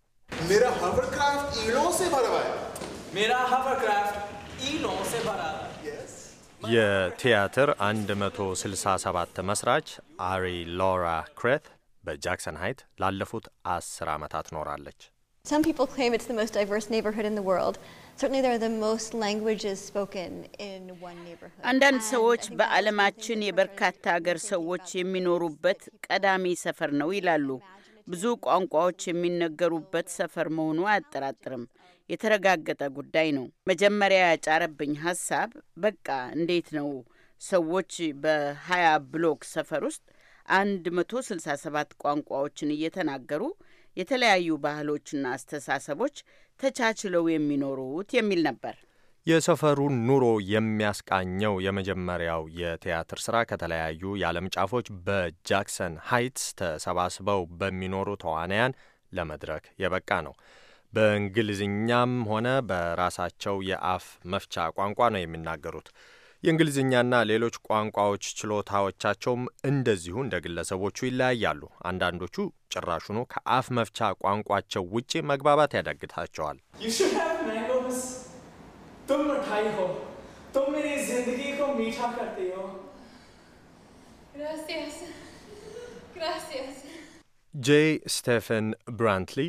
F: የቲያትር 167 መስራች አሪ ሎራ ክሬት በጃክሰን ሃይት ላለፉት አስር ዓመታት ኖራለች።
H: Some people claim it's the most diverse neighborhood in the world. Certainly there are the most languages spoken in one neighborhood.
I: አንዳንድ ሰዎች በዓለማችን የበርካታ ሀገር ሰዎች የሚኖሩበት ቀዳሚ ሰፈር ነው ይላሉ። ብዙ ቋንቋዎች የሚነገሩበት ሰፈር መሆኑ አያጠራጥርም። የተረጋገጠ ጉዳይ ነው። መጀመሪያ ያጫረብኝ ሀሳብ በቃ እንዴት ነው ሰዎች በሀያ ብሎክ ሰፈር ውስጥ አንድ መቶ ስልሳ ሰባት ቋንቋዎችን እየተናገሩ የተለያዩ ባህሎችና አስተሳሰቦች ተቻችለው የሚኖሩት የሚል ነበር።
F: የሰፈሩን ኑሮ የሚያስቃኘው የመጀመሪያው የቲያትር ስራ ከተለያዩ የዓለም ጫፎች በጃክሰን ሃይትስ ተሰባስበው በሚኖሩ ተዋናያን ለመድረክ የበቃ ነው። በእንግሊዝኛም ሆነ በራሳቸው የአፍ መፍቻ ቋንቋ ነው የሚናገሩት። የእንግሊዝኛና ሌሎች ቋንቋዎች ችሎታዎቻቸውም እንደዚሁ እንደ ግለሰቦቹ ይለያያሉ። አንዳንዶቹ ጭራሹኑ ከአፍ መፍቻ ቋንቋቸው ውጪ መግባባት ያዳግታቸዋል። ጄ ስቴፈን ብራንትሊ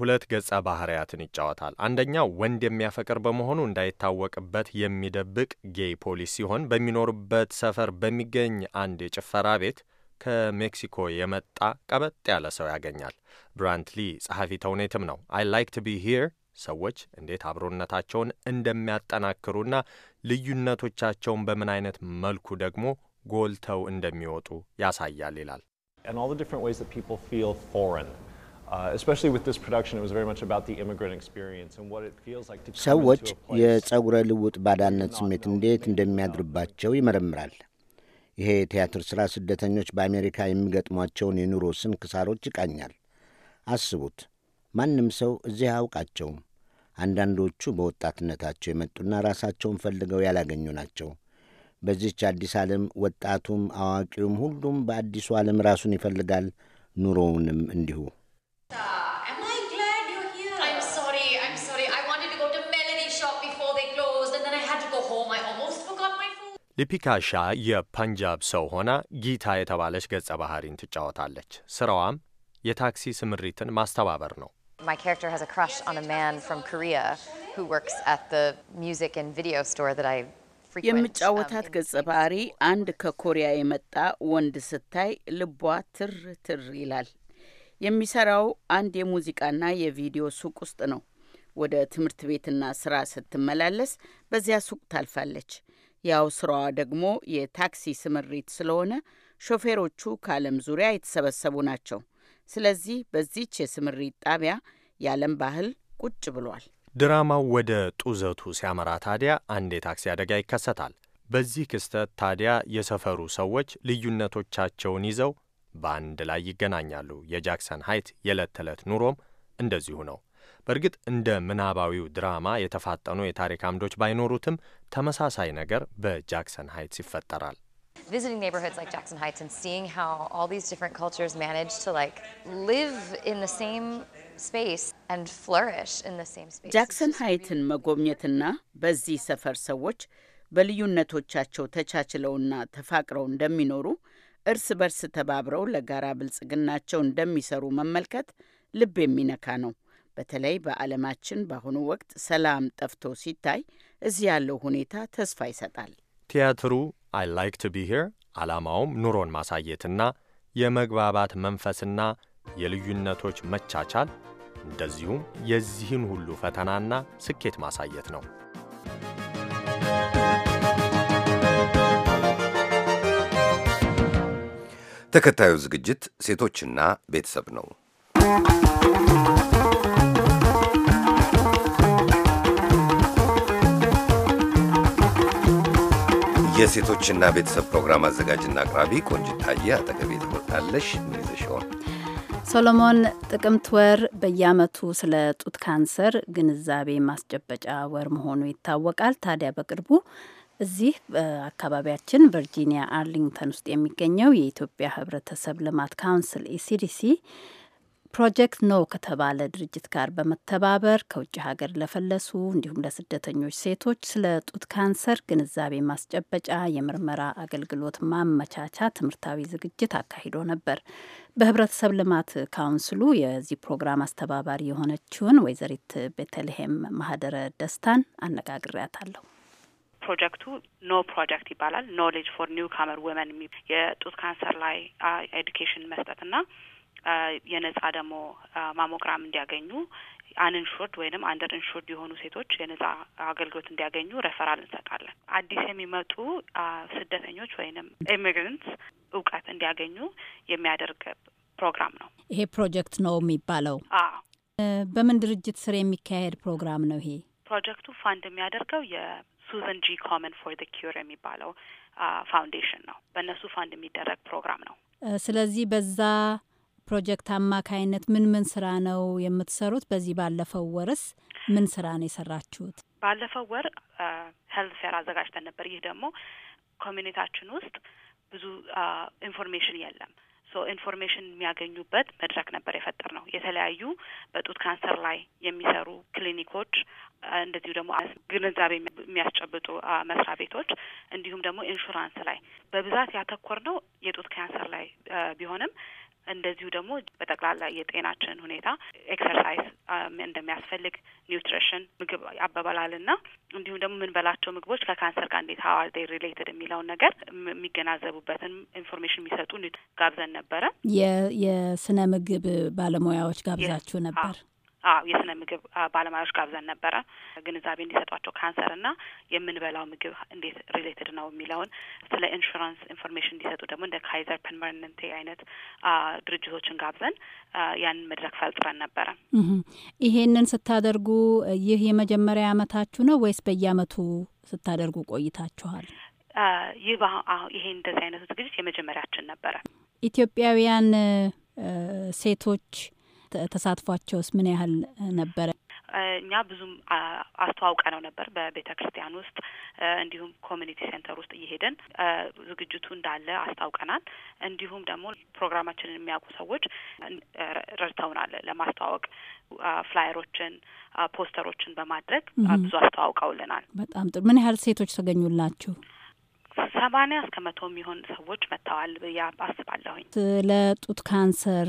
F: ሁለት ገጸ ባህርያትን ይጫወታል። አንደኛው ወንድ የሚያፈቅር በመሆኑ እንዳይታወቅበት የሚደብቅ ጌይ ፖሊስ ሲሆን በሚኖርበት ሰፈር በሚገኝ አንድ የጭፈራ ቤት ከሜክሲኮ የመጣ ቀበጥ ያለ ሰው ያገኛል። ብራንትሊ ጸሐፊ ተውኔትም ነው። አይ ላይክ ቱ ቢ ሂር ሰዎች እንዴት አብሮነታቸውን እንደሚያጠናክሩና ልዩነቶቻቸውን በምን አይነት መልኩ ደግሞ ጎልተው እንደሚወጡ ያሳያል ይላል። ሰዎች
J: የጸጉረ ልውጥ ባዳነት ስሜት እንዴት እንደሚያድርባቸው ይመረምራል። ይሄ የቲያትር ሥራ ስደተኞች በአሜሪካ የሚገጥሟቸውን የኑሮ ስንክሳሮች ይቃኛል። አስቡት፣ ማንም ሰው እዚህ አያውቃቸውም። አንዳንዶቹ በወጣትነታቸው የመጡና ራሳቸውን ፈልገው ያላገኙ ናቸው። በዚች አዲስ ዓለም ወጣቱም አዋቂውም ሁሉም በአዲሱ ዓለም ራሱን ይፈልጋል፣ ኑሮውንም እንዲሁ።
I: am I glad you're here? I'm sorry, I'm sorry. I wanted to go to Melody Shop before they closed and then I had to go home. I almost forgot my phone.
F: ሊፒካ ሻ የፐንጃብ ሰው ሆና ጊታ የተባለች ገጸ ባህሪን ትጫወታለች። ስራዋም የታክሲ ስምሪትን ማስተባበር ነው።
J: My character has a crush on a man from Korea who works at the music and video store
I: that I የምጫወታት ገጸ ባህሪ አንድ ከኮሪያ የመጣ ወንድ ስታይ ልቧ ትር ትር ይላል። የሚሰራው አንድ የሙዚቃና የቪዲዮ ሱቅ ውስጥ ነው። ወደ ትምህርት ቤትና ስራ ስትመላለስ በዚያ ሱቅ ታልፋለች። ያው ስራዋ ደግሞ የታክሲ ስምሪት ስለሆነ ሾፌሮቹ ከዓለም ዙሪያ የተሰበሰቡ ናቸው። ስለዚህ በዚች የስምሪት ጣቢያ የዓለም ባህል ቁጭ ብሏል።
F: ድራማው ወደ ጡዘቱ ሲያመራ ታዲያ አንድ የታክሲ አደጋ ይከሰታል። በዚህ ክስተት ታዲያ የሰፈሩ ሰዎች ልዩነቶቻቸውን ይዘው በአንድ ላይ ይገናኛሉ። የጃክሰን ሀይት የዕለት ተዕለት ኑሮም እንደዚሁ ነው። በእርግጥ እንደ ምናባዊው ድራማ የተፋጠኑ የታሪክ አምዶች ባይኖሩትም ተመሳሳይ ነገር በጃክሰን ሀይትስ ይፈጠራል።
J: visiting neighborhoods like Jackson Heights and seeing how all these different cultures manage to like live in the same space and flourish in the same space.
I: ጃክሰን ሀይትን መጎብኘትና በዚህ ሰፈር ሰዎች በልዩነቶቻቸው ተቻችለውና ተፋቅረው እንደሚኖሩ እርስ በርስ ተባብረው ለጋራ ብልጽግናቸው እንደሚሰሩ መመልከት ልብ የሚነካ ነው። በተለይ በዓለማችን በአሁኑ ወቅት ሰላም ጠፍቶ ሲታይ እዚህ ያለው ሁኔታ ተስፋ ይሰጣል።
F: ቲያትሩ አይ ላይክ ቱ ቢ ሄር ዓላማውም ኑሮን ማሳየትና የመግባባት መንፈስና የልዩነቶች መቻቻል እንደዚሁም የዚህን ሁሉ ፈተናና ስኬት ማሳየት ነው።
B: ተከታዩ ዝግጅት ሴቶችና ቤተሰብ ነው። የሴቶችና ቤተሰብ ፕሮግራም አዘጋጅና አቅራቢ ቆንጅታዬ አጠገቤ ትመጣለሽ። ምን ይዘሽዋል?
A: ሶሎሞን ጥቅምት ወር በየዓመቱ ስለ ጡት ካንሰር ግንዛቤ ማስጨበጫ ወር መሆኑ ይታወቃል። ታዲያ በቅርቡ እዚህ አካባቢያችን ቨርጂኒያ አርሊንግተን ውስጥ የሚገኘው የኢትዮጵያ ሕብረተሰብ ልማት ካውንስል ኢሲዲሲ ፕሮጀክት ኖ ከተባለ ድርጅት ጋር በመተባበር ከውጭ ሀገር ለፈለሱ እንዲሁም ለስደተኞች ሴቶች ስለ ጡት ካንሰር ግንዛቤ ማስጨበጫ የምርመራ አገልግሎት ማመቻቻ ትምህርታዊ ዝግጅት አካሂዶ ነበር። በህብረተሰብ ልማት ካውንስሉ የዚህ ፕሮግራም አስተባባሪ የሆነችውን ወይዘሪት ቤተልሔም ማህደረ ደስታን አነጋግሬያታለሁ።
M: ፕሮጀክቱ ኖ ፕሮጀክት ይባላል። ኖሌጅ ፎር ኒው ካመር ወመን የጡት ካንሰር ላይ ኤዱኬሽን መስጠትና የነጻ ደግሞ ማሞግራም እንዲያገኙ አንኢንሹርድ ወይንም አንደር ኢንሹርድ የሆኑ ሴቶች የነጻ አገልግሎት እንዲያገኙ ረፈራል እንሰጣለን። አዲስ የሚመጡ ስደተኞች ወይንም ኢሚግረንትስ እውቀት እንዲያገኙ የሚያደርግ ፕሮግራም ነው።
A: ይሄ ፕሮጀክት ነው የሚባለው። በምን ድርጅት ስር የሚካሄድ ፕሮግራም ነው ይሄ?
M: ፕሮጀክቱ ፋንድ የሚያደርገው የሱዘን ጂ ኮመን ፎር ዘ ኪር የሚባለው ፋውንዴሽን ነው። በእነሱ ፋንድ የሚደረግ ፕሮግራም ነው።
A: ስለዚህ በዛ ፕሮጀክት አማካይነት ምን ምን ስራ ነው የምትሰሩት? በዚህ ባለፈው ወርስ ምን ስራ ነው የሰራችሁት?
M: ባለፈው ወር ሄልት ፌር አዘጋጅተን ነበር። ይህ ደግሞ ኮሚኒታችን ውስጥ ብዙ ኢንፎርሜሽን የለም ሶ ኢንፎርሜሽን የሚያገኙበት መድረክ ነበር የፈጠር ነው። የተለያዩ በጡት ካንሰር ላይ የሚሰሩ ክሊኒኮች፣ እንደዚሁ ደግሞ ግንዛቤ የሚያስጨብጡ መስሪያ ቤቶች፣ እንዲሁም ደግሞ ኢንሹራንስ ላይ በብዛት ያተኮር ነው የጡት ካንሰር ላይ ቢሆንም እንደዚሁ ደግሞ በጠቅላላ የጤናችን ሁኔታ ኤክሰርሳይዝ እንደሚያስፈልግ ኒውትሪሽን፣ ምግብ ና እንዲሁም ደግሞ የምንበላቸው ምግቦች ከካንሰር ጋር እንዴት ሀዋር ሪሌትድ የሚለውን ነገር የሚገናዘቡበትን ኢንፎርሜሽን የሚሰጡ ጋብዘን ነበረ።
A: የስነ ምግብ ባለሙያዎች ጋብዛችሁ ነበር።
M: የስነ ምግብ ባለሙያዎች ጋብዘን ነበረ ግንዛቤ እንዲሰጧቸው ካንሰር እና የምንበላው ምግብ እንዴት ሪሌትድ ነው የሚለውን ስለ ኢንሹራንስ ኢንፎርሜሽን እንዲሰጡ ደግሞ እንደ ካይዘር ፐርማነንቴ አይነት ድርጅቶችን ጋብዘን ያንን መድረክ ፈልጥረን ነበረ።
A: ይሄንን ስታደርጉ ይህ የመጀመሪያ አመታችሁ ነው ወይስ በየአመቱ ስታደርጉ ቆይታችኋል?
M: ይህ ይሄ እንደዚህ አይነቱ ዝግጅት የመጀመሪያችን ነበረ።
A: ኢትዮጵያውያን ሴቶች ተሳትፏቸውስ ምን ያህል ነበረ?
M: እኛ ብዙም አስተዋውቀ ነው ነበር በቤተ ክርስቲያን ውስጥ እንዲሁም ኮሚኒቲ ሴንተር ውስጥ እየሄደን ዝግጅቱ እንዳለ አስታውቀናል። እንዲሁም ደግሞ ፕሮግራማችንን የሚያውቁ ሰዎች ረድተውናል። ለማስተዋወቅ ፍላየሮችን፣ ፖስተሮችን በማድረግ ብዙ አስተዋውቀውልናል።
A: በጣም ጥሩ። ምን ያህል ሴቶች ተገኙላችሁ?
M: ሰማኒያ እስከ መቶ የሚሆን ሰዎች መጥተዋል ብያ አስባለሁኝ።
A: ስለ ጡት ካንሰር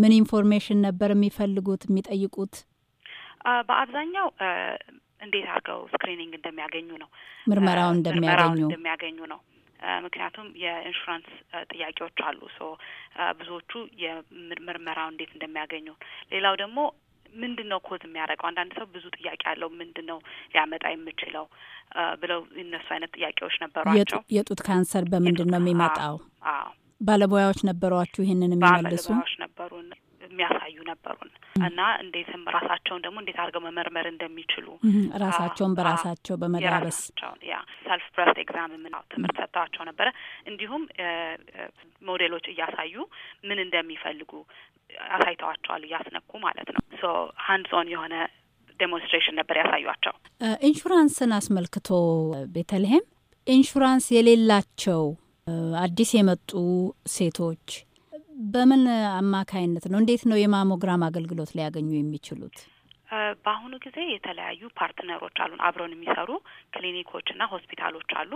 A: ምን ኢንፎርሜሽን ነበር የሚፈልጉት የሚጠይቁት?
M: በአብዛኛው እንዴት አድርገው ስክሪኒንግ እንደሚያገኙ ነው፣
A: ምርመራው እንደሚያገኙ
M: እንደሚያገኙ ነው። ምክንያቱም የኢንሹራንስ ጥያቄዎች አሉ። ሶ ብዙዎቹ የምርመራው እንዴት እንደሚያገኙ ሌላው ደግሞ ምንድን ነው ኮዝ የሚያደርገው? አንዳንድ ሰው ብዙ ጥያቄ አለው። ምንድን ነው ሊያመጣ የምችለው ብለው እነሱ አይነት ጥያቄዎች ነበሯቸው።
A: የጡት ካንሰር በምንድን ነው የሚመጣው? ባለሙያዎች ነበሯችሁ ይህንን የሚመልሱ ባለሙያዎች
M: ነበሩን የሚያሳዩ ነበሩን እና እንዴትም ራሳቸውን ደግሞ እንዴት አድርገው መመርመር እንደሚችሉ ራሳቸውን በራሳቸው በመዳበስ ያ ሰልፍ ብረስት ኤግዛም የምናው ትምህርት ሰጥተዋቸው ነበረ። እንዲሁም ሞዴሎች እያሳዩ ምን እንደሚፈልጉ አሳይተዋቸዋል እያስነኩ ማለት ነው። ሶ ሀንድ ዞን የሆነ ዴሞንስትሬሽን ነበር ያሳዩቸው።
A: ኢንሹራንስን አስመልክቶ ቤተልሔም ኢንሹራንስ የሌላቸው አዲስ የመጡ ሴቶች በምን አማካይነት ነው እንዴት ነው የማሞግራም አገልግሎት ሊያገኙ የሚችሉት?
M: በአሁኑ ጊዜ የተለያዩ ፓርትነሮች አሉን። አብረውን የሚሰሩ ክሊኒኮችና ሆስፒታሎች አሉ።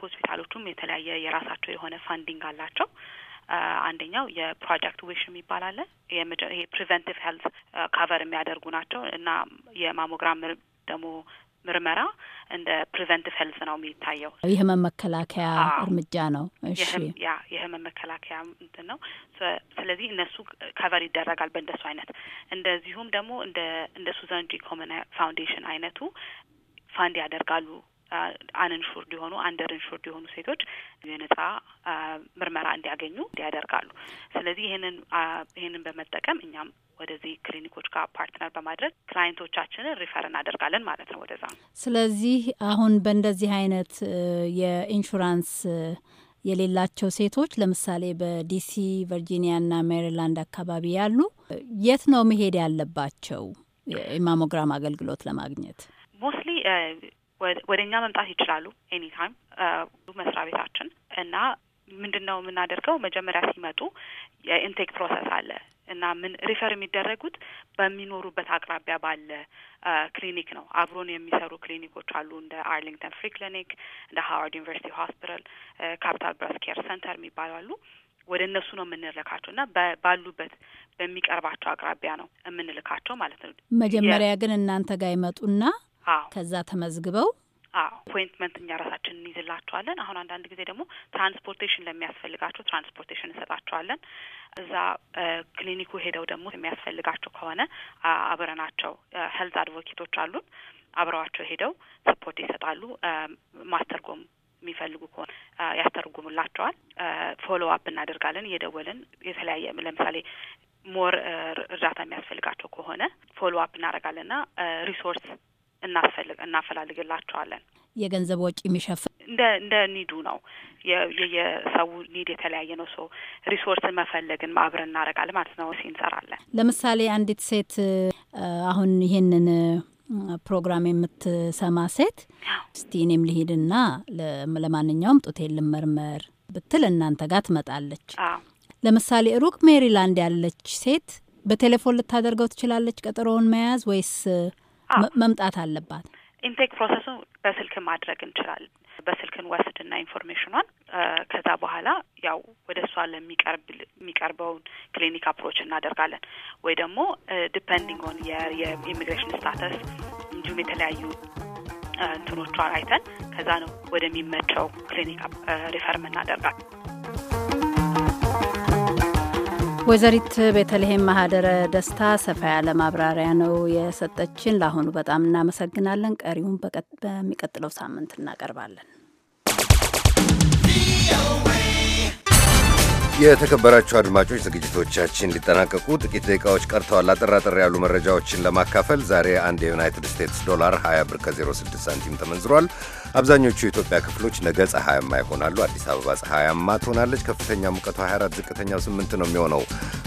M: ሆስፒታሎቹም የተለያየ የራሳቸው የሆነ ፋንዲንግ አላቸው። አንደኛው የፕሮጀክት ዊሽ የሚባል አለ። ይሄ ፕሪቨንቲቭ ሄልት ካቨር የሚያደርጉ ናቸው እና የማሞግራም ደግሞ ምርመራ እንደ ፕሪቨንቲቭ ሄልት ነው የሚታየው።
A: የህመም መከላከያ እርምጃ ነው። እሺ፣ ያ
M: የህመም መከላከያ እንትን ነው። ስለዚህ እነሱ ከቨር ይደረጋል በእንደሱ አይነት። እንደዚሁም ደግሞ እንደ እንደ ሱዘን ጂ ኮመን ፋውንዴሽን አይነቱ ፋንድ ያደርጋሉ አንኢንሹርድ የሆኑ አንደር ኢንሹርድ የሆኑ ሴቶች የነጻ ምርመራ እንዲያገኙ ያደርጋሉ። ስለዚህ ይህንን ይህንን በመጠቀም እኛም ወደዚህ ክሊኒኮች ጋር ፓርትነር በማድረግ ክላይንቶቻችንን ሪፈር እናደርጋለን ማለት ነው ወደዛ።
A: ስለዚህ አሁን በእንደዚህ አይነት የኢንሹራንስ የሌላቸው ሴቶች ለምሳሌ በዲሲ ቨርጂኒያና ሜሪላንድ አካባቢ ያሉ የት ነው መሄድ ያለባቸው የማሞግራም አገልግሎት ለማግኘት?
M: ሞስትሊ ወደ እኛ መምጣት ይችላሉ። ኤኒታይም መስሪያ ቤታችን እና ምንድን ነው የምናደርገው? መጀመሪያ ሲመጡ የኢንቴክ ፕሮሰስ አለ እና ምን ሪፈር የሚደረጉት በሚኖሩበት አቅራቢያ ባለ ክሊኒክ ነው። አብሮን የሚሰሩ ክሊኒኮች አሉ እንደ አርሊንግተን ፍሪ ክሊኒክ፣ እንደ ሀዋርድ ዩኒቨርሲቲ ሆስፒታል፣ ካፒታል ብራስ ኬር ሰንተር የሚባሉ አሉ። ወደ እነሱ ነው የምንልካቸው እና ባሉበት በሚቀርባቸው አቅራቢያ ነው የምንልካቸው ማለት ነው።
A: መጀመሪያ ግን እናንተ ጋር ይመጡና ከዛ ተመዝግበው
M: አፖይንትመንት እኛ ራሳችን እንይዝላቸዋለን። አሁን አንዳንድ ጊዜ ደግሞ ትራንስፖርቴሽን ለሚያስፈልጋቸው ትራንስፖርቴሽን እንሰጣቸዋለን። እዛ ክሊኒኩ ሄደው ደግሞ የሚያስፈልጋቸው ከሆነ አብረናቸው ሄልት አድቮኬቶች አሉን። አብረዋቸው ሄደው ሰፖርት ይሰጣሉ። ማስተርጎም የሚፈልጉ ከሆነ ያስተርጉሙላቸዋል። ፎሎ አፕ እናደርጋለን። እየደወልን የተለያየ ለምሳሌ ሞር እርዳታ የሚያስፈልጋቸው ከሆነ ፎሎ አፕ እናደርጋለንና ሪሶርስ እናፈልግ እናፈላልግላቸዋለን።
A: የገንዘብ ወጪ የሚሸፍን
M: እንደ እንደ ኒዱ ነው። የሰው ኒድ የተለያየ ነው። ሶ ሪሶርስን መፈለግን አብረን እናደርጋለን ማለት ነው እንሰራለን።
A: ለምሳሌ አንዲት ሴት አሁን ይሄንን ፕሮግራም የምትሰማ ሴት እስቲ እኔም ልሂድና ለማንኛውም ጡቴን ልመርመር ብትል እናንተ ጋር ትመጣለች። ለምሳሌ ሩቅ ሜሪላንድ ያለች ሴት በቴሌፎን ልታደርገው ትችላለች ቀጠሮውን መያዝ ወይስ መምጣት አለባት።
M: ኢንቴክ ፕሮሰሱ በስልክ ማድረግ እንችላለን። በስልክን ወስድና ኢንፎርሜሽኗን ከዛ በኋላ ያው ወደ እሷ ለሚቀርብ የሚቀርበውን ክሊኒክ አፕሮች እናደርጋለን ወይ ደግሞ ዲፐንዲንግ ኦን የኢሚግሬሽን ስታተስ እንዲሁም የተለያዩ እንትኖቿን አይተን ከዛ ነው ወደሚመቸው ክሊኒክ ሪፈርም እናደርጋለን።
A: ወይዘሪት ቤተልሔም ማህደረ ደስታ ሰፋ ያለ ማብራሪያ ነው የሰጠችን። ለአሁኑ በጣም እናመሰግናለን። ቀሪውን በሚቀጥለው ሳምንት እናቀርባለን።
B: የተከበራችሁ አድማጮች ዝግጅቶቻችን ሊጠናቀቁ ጥቂት ደቂቃዎች ቀርተዋል። አጠር ያሉ መረጃዎችን ለማካፈል ዛሬ አንድ የዩናይትድ ስቴትስ ዶላር 20 ብር ከ06 ሳንቲም ተመንዝሯል። አብዛኞቹ የኢትዮጵያ ክፍሎች ነገ ፀሐያማ ይሆናሉ። አዲስ አበባ ፀሐያማ ትሆናለች። ከፍተኛ ሙቀቱ 24፣ ዝቅተኛው 8 ነው የሚሆነው።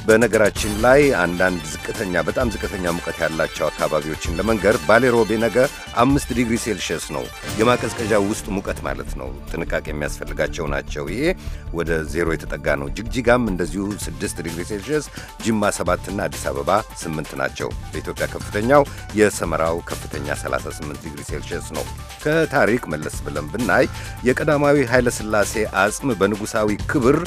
B: በነገራችን ላይ አንዳንድ ዝቅተኛ በጣም ዝቅተኛ ሙቀት ያላቸው አካባቢዎችን ለመንገር ባሌ ሮቤ ነገ 5 ዲግሪ ሴልሽስ ነው የማቀዝቀዣ ውስጥ ሙቀት ማለት ነው። ጥንቃቄ የሚያስፈልጋቸው ናቸው። ይሄ ወደ ዜሮ የተጠጋ ነው። ጅግጅጋም እንደዚሁ 6 ዲግሪ ሴልሺየስ፣ ጅማ 7ና አዲስ አበባ 8 ናቸው። በኢትዮጵያ ከፍተኛው የሰመራው ከፍተኛ 38 ዲግሪ ሴልሺየስ ነው። ከታሪክ መለስ ብለን ብናይ የቀዳማዊ ኃይለሥላሴ አጽም በንጉሳዊ ክብር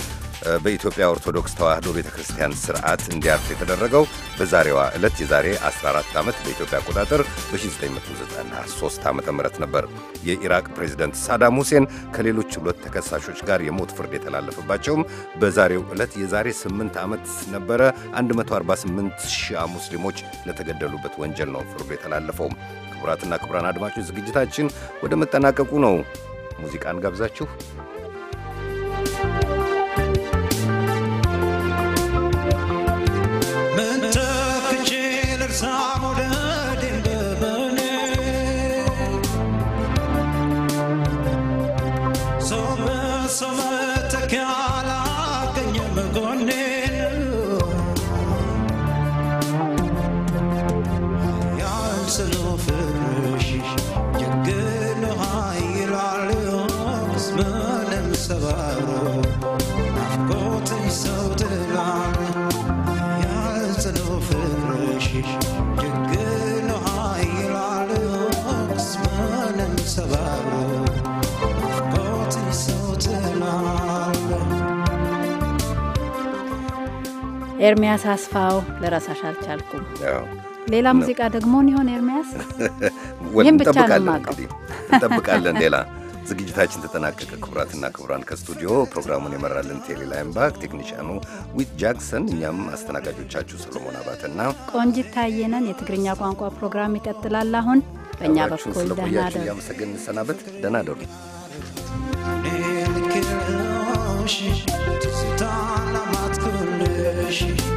B: በኢትዮጵያ ኦርቶዶክስ ተዋሕዶ ቤተ ክርስቲያን ስርዓት እንዲያርፍ የተደረገው በዛሬዋ ዕለት የዛሬ 14 ዓመት በኢትዮጵያ አቆጣጠር በ1993 ዓ ም ነበር። የኢራቅ ፕሬዚደንት ሳዳም ሁሴን ከሌሎች ሁለት ተከሳሾች ጋር የሞት ፍርድ የተላለፈባቸውም በዛሬው ዕለት የዛሬ 8 ዓመት ነበረ 148 ሺያ ሙስሊሞች ለተገደሉበት ወንጀል ነው ፍርዱ የተላለፈው። ክቡራትና ክቡራን አድማጮች ዝግጅታችን ወደ መጠናቀቁ ነው። ሙዚቃን ጋብዛችሁ
A: ኤርሚያስ አስፋው ልረሳሽ አልቻልኩም። ሌላ ሙዚቃ ደግሞ ይሆን ኤርሚያስ?
B: ይህም ብቻ ነው የማውቀው። እንጠብቃለን። ሌላ ዝግጅታችን ተጠናቀቀ። ክቡራትና ክቡራን ከስቱዲዮ ፕሮግራሙን የመራልን ቴሌ ላይምባክ፣ ቴክኒሽያኑ ዊት ጃክሰን፣ እኛም አስተናጋጆቻችሁ ሰሎሞን አባትና
A: ቆንጂት ታየ የትግርኛ ቋንቋ ፕሮግራም ይቀጥላል። አሁን በእኛ በኩል ደናደ
B: እያመሰገን እንሰናበት። ደህና ደሩ
E: She.